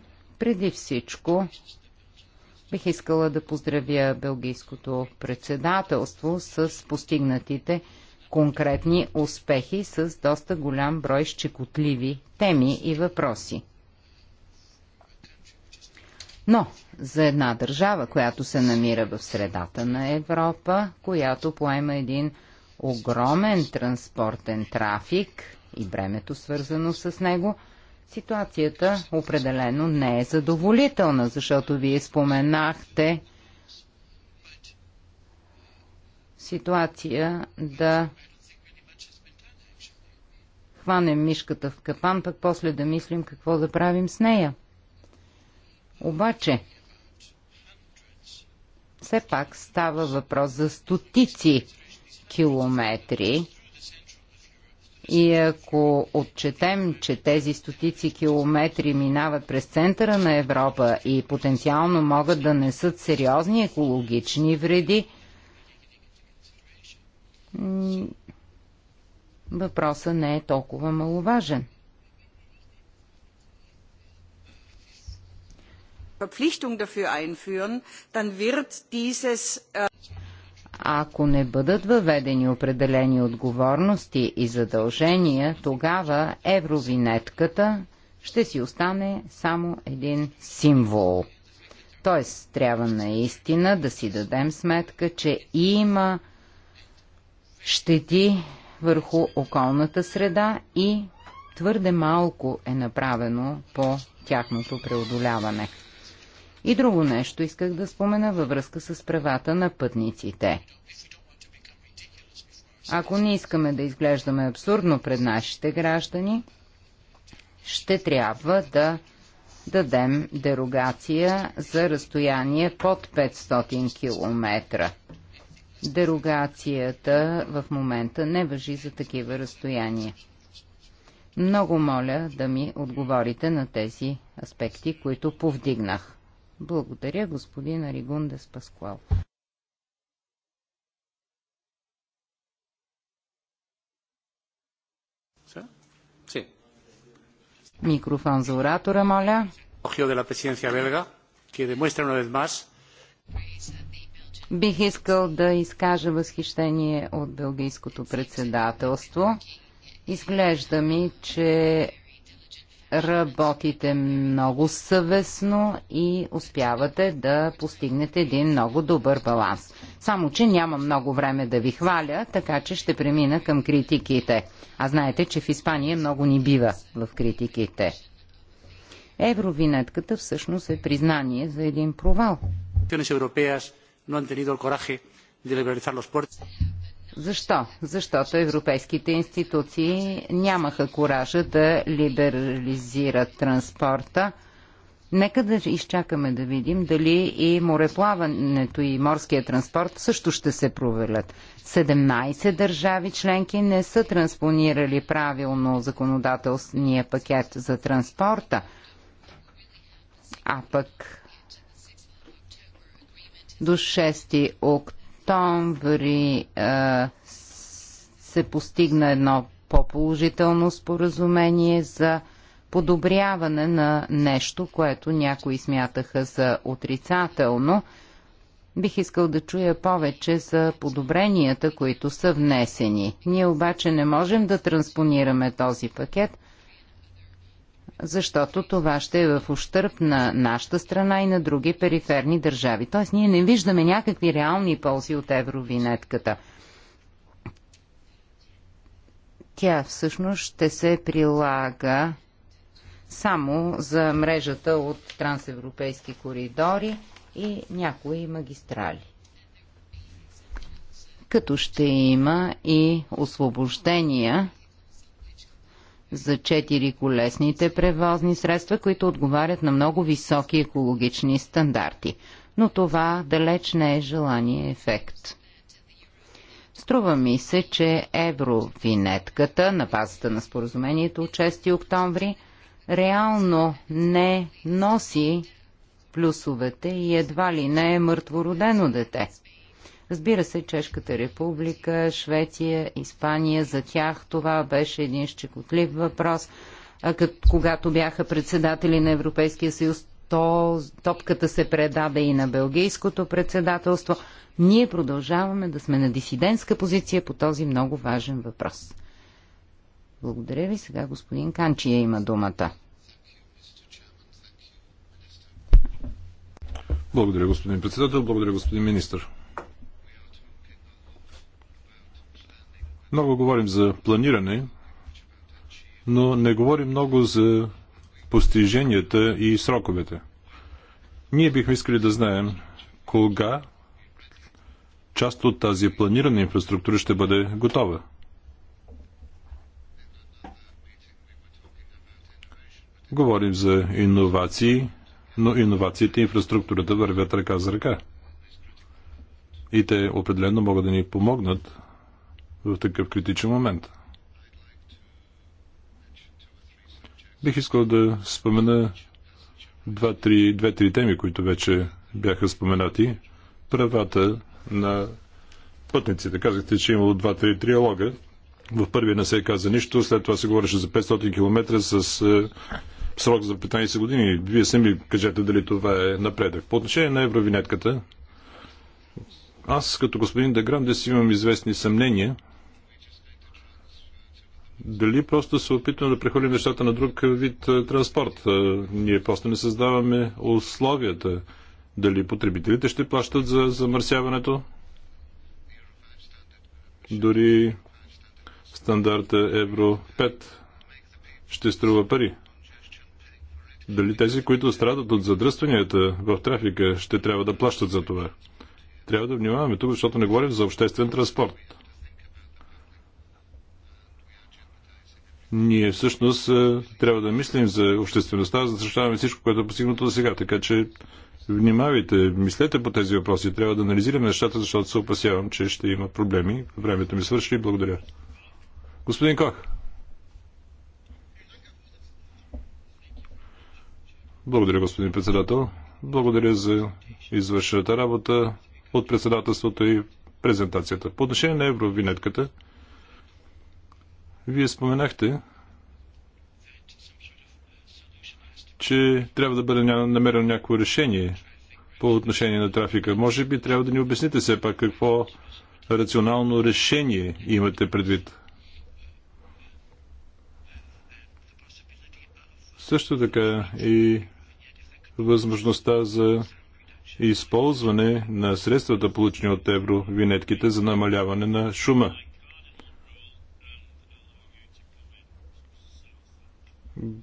Преди всичко, бих искала да поздравя Белгийското председателство с постигнатите конкретни успехи с доста голям брой щекотливи теми и въпроси. Но за една държава, която се намира в средата на Европа, която поема един огромен транспортен трафик и бремето свързано с него – Ситуацията определено не е задоволителна, защото вие споменахте ситуация да хванем мишката в капан, пък после да мислим какво да правим с нея. Обаче, все пак става въпрос за стотици километри и ако отчетем, че тези стотици километри минават през центъра на Европа и потенциално могат да несат сериозни екологични вреди, въпросът не е толкова маловажен. Verpflichtung dafür einführen, dann wird dieses äh ако не бъдат въведени определени отговорности и задължения, тогава евровинетката ще си остане само един символ. Тоест, трябва наистина да си дадем сметка, че има щети върху околната среда и твърде малко е направено по тяхното преодоляване. И друго нещо исках да спомена във връзка с правата на пътниците. Ако не искаме да изглеждаме абсурдно пред нашите граждани, ще трябва да дадем дерогация за разстояние под 500 км. Дерогацията в момента не въжи за такива разстояния. Много моля да ми отговорите на тези аспекти, които повдигнах. Благодаря, господин Аригундес Паскуал. Микрофон за оратора, моля. Бих искал да изкажа възхищение от Белгийското председателство. Изглежда ми, че работите много съвестно и успявате да постигнете един много добър баланс. Само, че няма много време да ви хваля, така че ще премина към критиките. А знаете, че в Испания много ни бива в критиките. Евровинетката всъщност е признание за един провал. Защо? Защото европейските институции нямаха коража да либерализират транспорта. Нека да изчакаме да видим дали и мореплаването и морския транспорт също ще се провелят. 17 държави членки не са транспонирали правилно законодателния пакет за транспорта, а пък до 6 октомври октомври е, се постигна едно по-положително споразумение за подобряване на нещо, което някои смятаха за отрицателно. Бих искал да чуя повече за подобренията, които са внесени. Ние обаче не можем да транспонираме този пакет – защото това ще е в ущърп на нашата страна и на други периферни държави. Тоест ние не виждаме някакви реални ползи от евровинетката. Тя всъщност ще се прилага само за мрежата от трансевропейски коридори и някои магистрали. Като ще има и освобождения за четири колесните превозни средства, които отговарят на много високи екологични стандарти. Но това далеч не е желание ефект. Струва ми се, че евровинетката на базата на споразумението от 6 октомври реално не носи плюсовете и едва ли не е мъртвородено дете – Разбира се, Чешката република, Швеция, Испания, за тях това беше един щекотлив въпрос. А като, когато бяха председатели на Европейския съюз, то топката се предаде и на Белгийското председателство. Ние продължаваме да сме на дисидентска позиция по този много важен въпрос. Благодаря ви. Сега господин Канчия има думата. Благодаря, господин председател. Благодаря, господин министр. Много говорим за планиране, но не говорим много за постиженията и сроковете. Ние бихме искали да знаем кога част от тази планирана инфраструктура ще бъде готова. Говорим за иновации, но иновациите и инфраструктурата вървят ръка за ръка. И те определено могат да ни помогнат в такъв критичен момент. Бих искал да спомена две-три две, теми, които вече бяха споменати. Правата на пътниците. Казахте, че е имало два-три триалога. В първия не се каза нищо, след това се говореше за 500 км с е, срок за 15 години. Вие сами кажете дали това е напредък. По отношение на евровинетката, аз като господин Деграндес имам известни съмнения дали просто се опитваме да прехвърлим нещата на друг вид е, транспорт. Е, ние просто не създаваме условията. Дали потребителите ще плащат за замърсяването? Дори стандарта Евро 5 ще струва пари. Дали тези, които страдат от задръстванията в трафика, ще трябва да плащат за това? Трябва да внимаваме тук, защото не говорим за обществен транспорт. Ние всъщност е, трябва да мислим за обществеността, за да защитаваме всичко, което е постигнато до сега. Така че внимавайте, мислете по тези въпроси. Трябва да анализираме нещата, защото се опасявам, че ще има проблеми. Времето ми свърши. Благодаря. Господин Кох. Благодаря, господин председател. Благодаря за извършената работа от председателството и презентацията. По отношение на евровинетката, вие споменахте, че трябва да бъде намерено някакво решение по отношение на трафика. Може би трябва да ни обясните все пак какво рационално решение имате предвид. Също така и възможността за използване на средствата, получени от евровинетките за намаляване на шума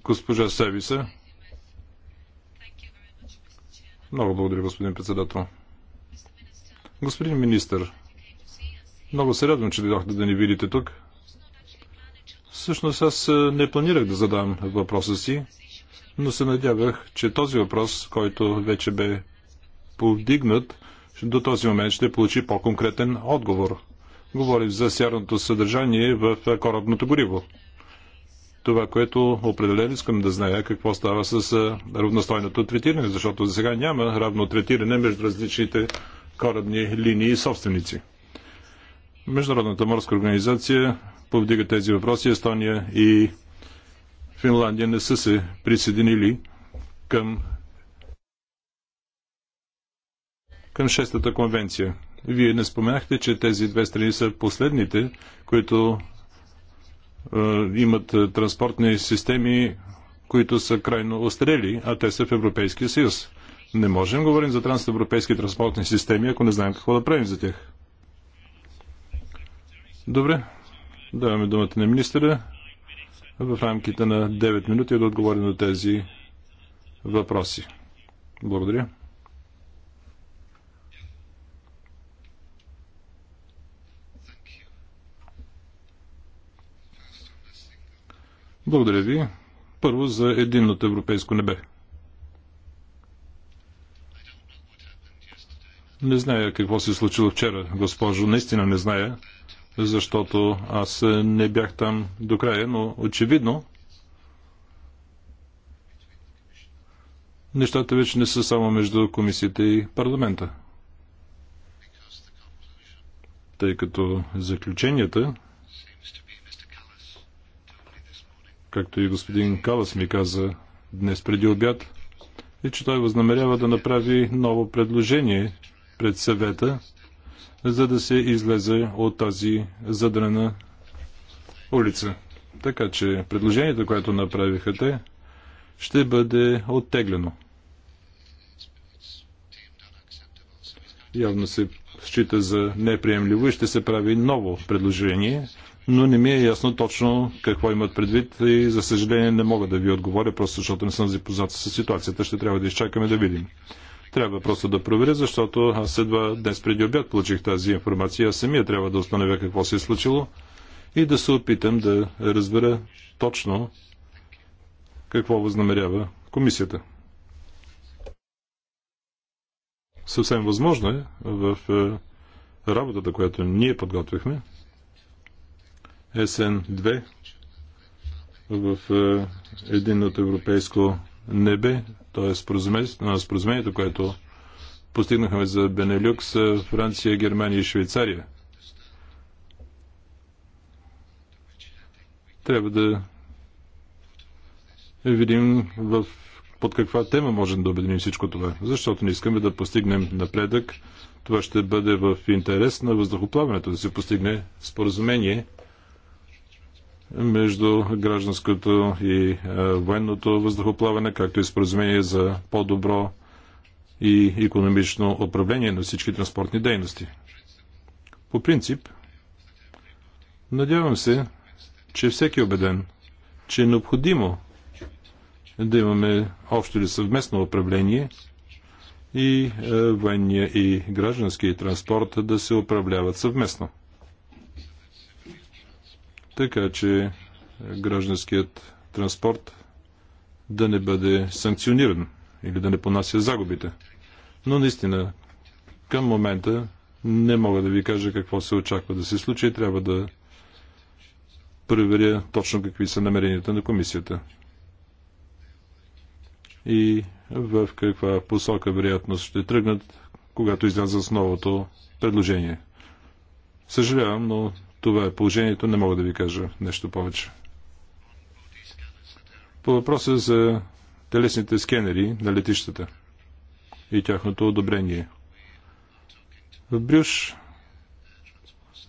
Госпожа Севиса. Много благодаря, господин председател. Господин министр, много се радвам, че дойдохте да ни видите тук. Всъщност аз не планирах да задам въпроса си, но се надявах, че този въпрос, който вече бе повдигнат, до този момент ще получи по-конкретен отговор. Говорим за сярното съдържание в корабното гориво това, което определено искам да зная е какво става с равностойното третиране, защото за сега няма равно третиране между различните корабни линии и собственици. Международната морска организация повдига тези въпроси. Естония и Финландия не са се присъединили към към шестата конвенция. Вие не споменахте, че тези две страни са последните, които е, имат е, транспортни системи, които са крайно острели, а те са в Европейския съюз. Не можем говорим за трансевропейски транспортни системи, ако не знаем какво да правим за тях. Добре. Даваме думата на министъра в рамките на 9 минути да отговорим на тези въпроси. Благодаря. Благодаря ви. Първо за единното европейско небе. Не зная какво се е случило вчера, госпожо. Наистина не зная, защото аз не бях там до края, но очевидно нещата вече не са само между комисията и парламента. Тъй като заключенията както и господин Калас ми каза днес преди обяд, и е, че той възнамерява да направи ново предложение пред съвета, за да се излезе от тази задрена улица. Така че предложението, което направиха те, ще бъде оттеглено. Явно се счита за неприемливо и ще се прави ново предложение – но не ми е ясно точно какво имат предвид и за съжаление не мога да ви отговоря, просто защото не съм запознат с ситуацията. Ще трябва да изчакаме да видим. Трябва просто да проверя, защото аз едва днес преди обяд получих тази информация. Аз самия трябва да установя какво се е случило и да се опитам да разбера точно какво възнамерява комисията. Съвсем възможно е в е, работата, която ние подготвихме, СН2 в е, единното европейско небе, т.е. споразумението, което постигнахме за Бенелюкс, е, Франция, Германия и Швейцария. Трябва да видим в под каква тема можем да обединим всичко това, защото не искаме да постигнем напредък. Това ще бъде в интерес на въздухоплаването, да се постигне споразумение между гражданското и е, военното въздухоплаване, както и споразумение за по-добро и економично управление на всички транспортни дейности. По принцип, надявам се, че всеки е убеден, че е необходимо да имаме общо или съвместно управление и е, военния и граждански транспорт да се управляват съвместно така че гражданският транспорт да не бъде санкциониран или да не понася загубите. Но наистина, към момента не мога да ви кажа какво се очаква да се случи и трябва да проверя точно какви са намеренията на комисията. И в каква посока вероятност ще тръгнат, когато изляза с новото предложение. Съжалявам, но това е положението, не мога да ви кажа нещо повече. По въпроса за телесните скенери на летищата и тяхното одобрение. В Брюш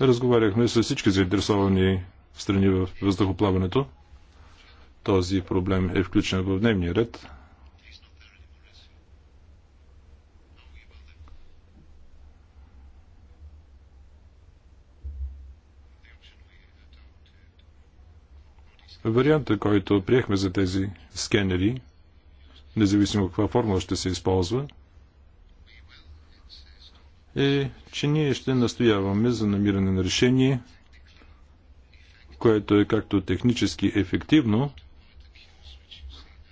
разговаряхме с всички заинтересовани страни в въздухоплаването. Този проблем е включен в дневния ред. Варианта, който приехме за тези скенери, независимо каква формула ще се използва, е, че ние ще настояваме за намиране на решение, което е както технически ефективно,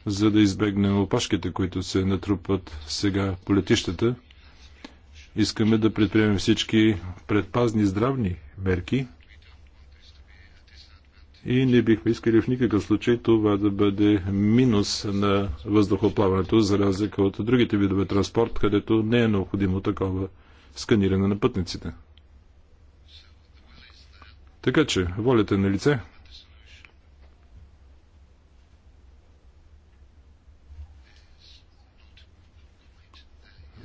за да избегнем опашките, които се натрупват сега по летищата. Искаме да предприемем всички предпазни здравни мерки – и не бихме искали в никакъв случай това да бъде минус на въздухоплаването, за разлика от другите видове транспорт, където не е необходимо такова сканиране на пътниците. Така че, волята е на лице.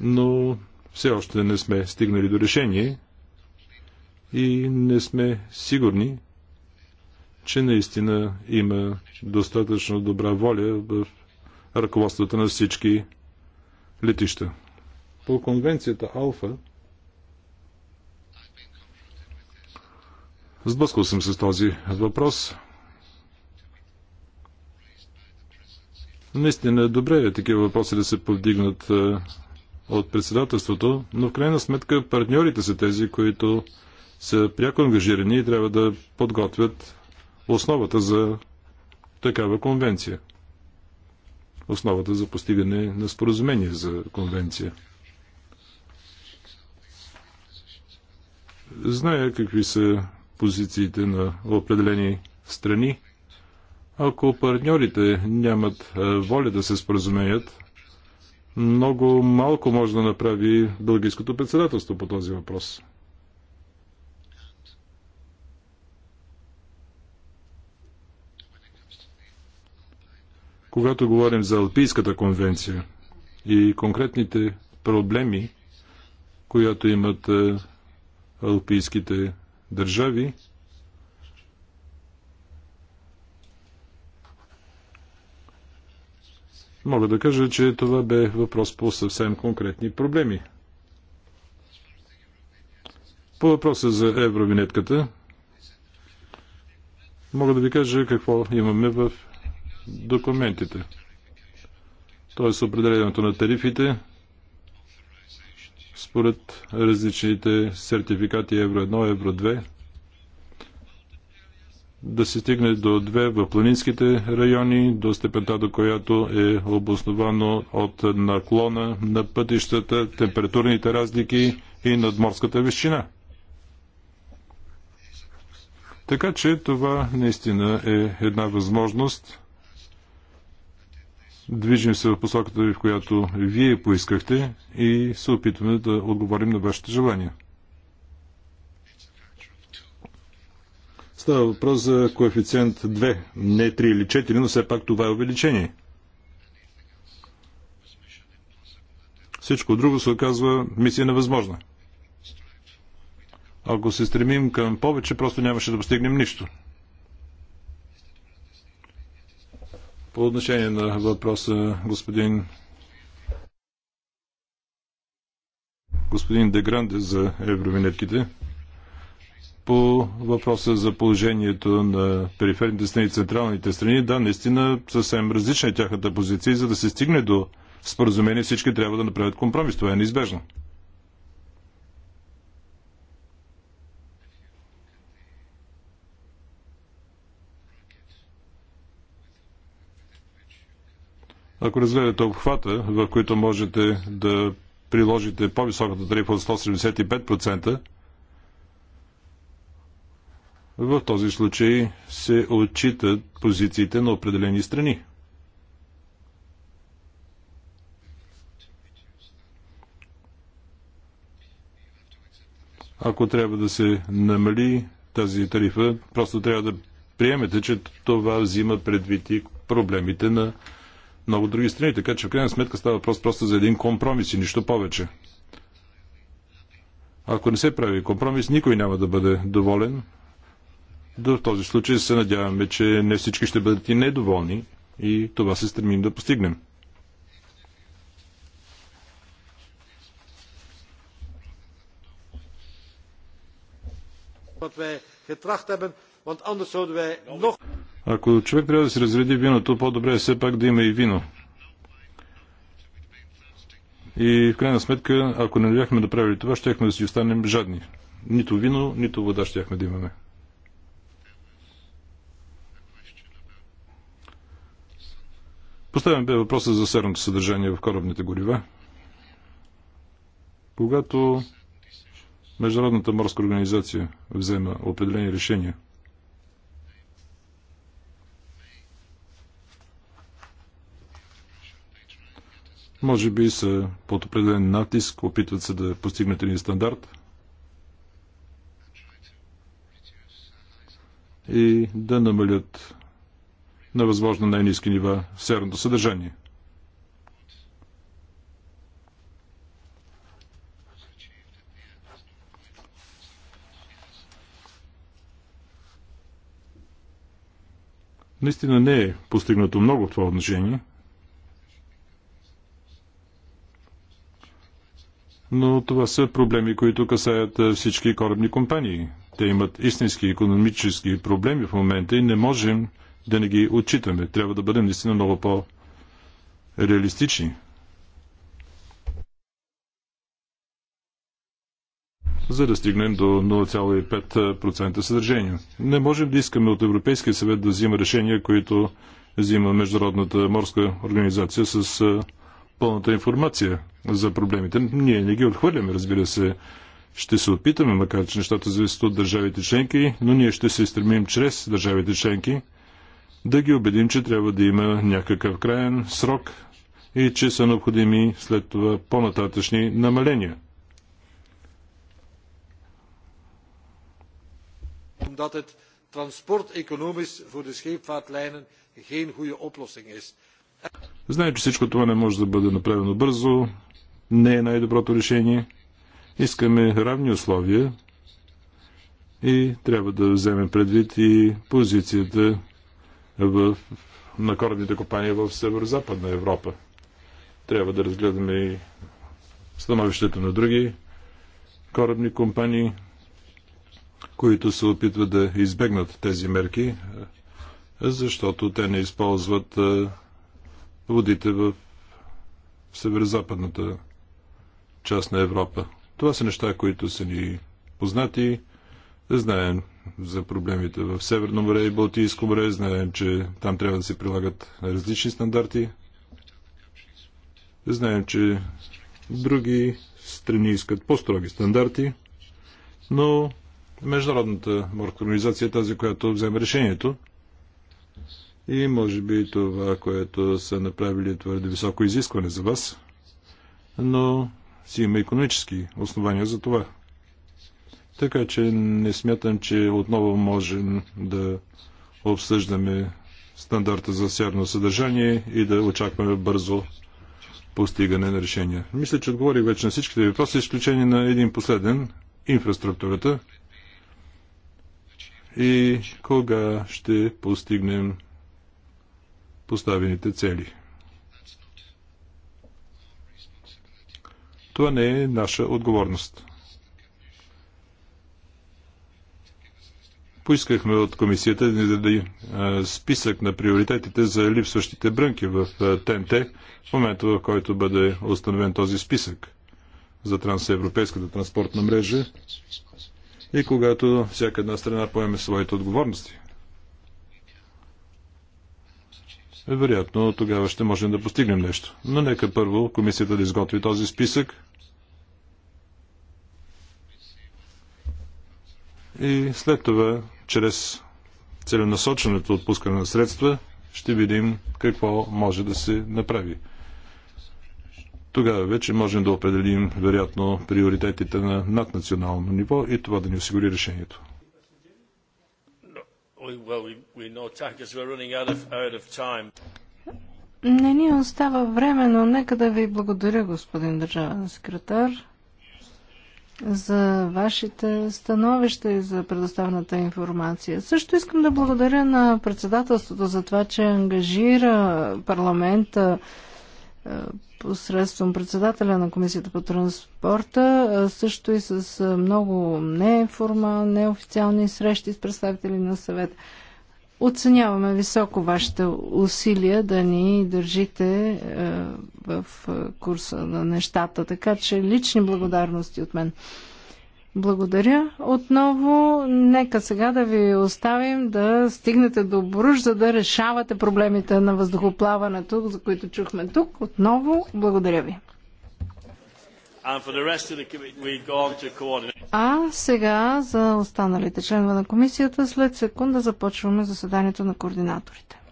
Но все още не сме стигнали до решение и не сме сигурни, че наистина има достатъчно добра воля в ръководството на всички летища. По конвенцията Алфа сблъскал съм се с този въпрос. Наистина добре е такива въпроси да се повдигнат от председателството, но в крайна сметка партньорите са тези, които са пряко ангажирани и трябва да подготвят основата за такава конвенция. Основата за постигане на споразумение за конвенция. Зная какви са позициите на определени страни. Ако партньорите нямат воля да се споразумеят, много малко може да направи Бългийското председателство по този въпрос. Когато говорим за Алпийската конвенция и конкретните проблеми, която имат е, алпийските държави, Мога да кажа, че това бе въпрос по съвсем конкретни проблеми. По въпроса за евровинетката, мога да ви кажа какво имаме в документите. Тоест определението на тарифите според различните сертификати Евро 1, Евро 2 да се стигне до 2 в планинските райони, до степента до която е обосновано от наклона на пътищата, температурните разлики и надморската вещина. Така че това наистина е една възможност Движим се в посоката, в която вие поискахте и се опитваме да отговорим на вашите желания. Става въпрос за коефициент 2, не 3 или 4, но все пак това е увеличение. Всичко друго се оказва мисия невъзможна. Ако се стремим към повече, просто нямаше да постигнем нищо. По отношение на въпроса господин господин Дегранде за евровинетките, по въпроса за положението на периферните страни и централните страни, да, наистина съвсем различна е тяхната позиция и за да се стигне до споразумение всички трябва да направят компромис. Това е неизбежно. Ако разгледате обхвата, в който можете да приложите по-високата тарифа от 175%, в този случай се отчитат позициите на определени страни. Ако трябва да се намали тази тарифа, просто трябва да приемете, че това взима предвид и проблемите на много други страни, така че в крайна сметка става въпрос просто за един компромис и нищо повече. Ако не се прави компромис, никой няма да бъде доволен. До в този случай се надяваме, че не всички ще бъдат и недоволни и това се стремим да постигнем. Wat wij getracht hebben want anders zouden wij nog... Ако човек трябва да си разреди виното, по-добре е все пак да има и вино. И в крайна сметка, ако не бяхме да правили това, щяхме да си останем жадни. Нито вино, нито вода щяхме да имаме. Поставям бе въпроса за серното съдържание в корабните горива. Когато Международната морска организация взема определени решения – Може би са под определен натиск, опитват се да постигнат един стандарт и да намалят на възможно най-низки нива серното съдържание. Наистина не е постигнато много в това отношение – но това са проблеми, които касаят всички корабни компании. Те имат истински економически проблеми в момента и не можем да не ги отчитаме. Трябва да бъдем наистина много по-реалистични. за да стигнем до 0,5% съдържание. Не можем да искаме от Европейския съвет да взима решения, които взима Международната морска организация с пълната информация за проблемите. Ние не ги отхвърляме, разбира се. Ще се опитаме, макар че нещата зависят от държавите членки, но ние ще се стремим чрез държавите членки да ги убедим, че трябва да има някакъв краен срок и че са необходими след това по-нататъчни намаления. Omdat het transport economisch voor de scheepvaartlijnen geen goede oplossing is. Знае, че всичко това не може да бъде направено бързо, не е най-доброто решение. Искаме равни условия и трябва да вземем предвид и позицията в, на корабните компании в Северо-Западна Европа. Трябва да разгледаме и становището на други корабни компании, които се опитват да избегнат тези мерки, защото те не използват водите в северо-западната част на Европа. Това са неща, които са ни познати. Да знаем за проблемите в Северно море и Балтийско море. Знаем, че там трябва да се прилагат различни стандарти. Знаем, че други страни искат по-строги стандарти, но Международната морска организация е тази, която взема решението. И може би това, което са направили е твърде високо изискване за вас, но си има економически основания за това. Така че не смятам, че отново можем да обсъждаме стандарта за сярно съдържание и да очакваме бързо постигане на решения. Мисля, че отговорих вече на всичките въпроси, изключение на един последен – инфраструктурата и кога ще постигнем поставените цели. Това не е наша отговорност. Поискахме от комисията да ни даде списък на приоритетите за липсващите брънки в ТНТ в момента, в който бъде установен този списък за трансевропейската транспортна мрежа и когато всяка една страна поеме своите отговорности. Е, вероятно тогава ще можем да постигнем нещо. Но нека първо комисията да изготви този списък. И след това, чрез целенасоченото отпускане на средства, ще видим какво може да се направи. Тогава вече можем да определим, вероятно, приоритетите на наднационално ниво и това да ни осигури решението. Не ни остава време, но нека да ви благодаря, господин държавен секретар, за вашите становища и за предоставената информация. Също искам да благодаря на председателството за това, че ангажира парламента е, посредством председателя на Комисията по транспорта, е, също и с е, много неформа, неофициални срещи с представители на съвет. Оценяваме високо вашите усилия да ни държите в курса на нещата, така че лични благодарности от мен. Благодаря отново. Нека сега да ви оставим да стигнете до Бруж, за да решавате проблемите на въздухоплаването, за които чухме тук. Отново, благодаря ви. А сега за останалите членове на комисията, след секунда започваме заседанието на координаторите.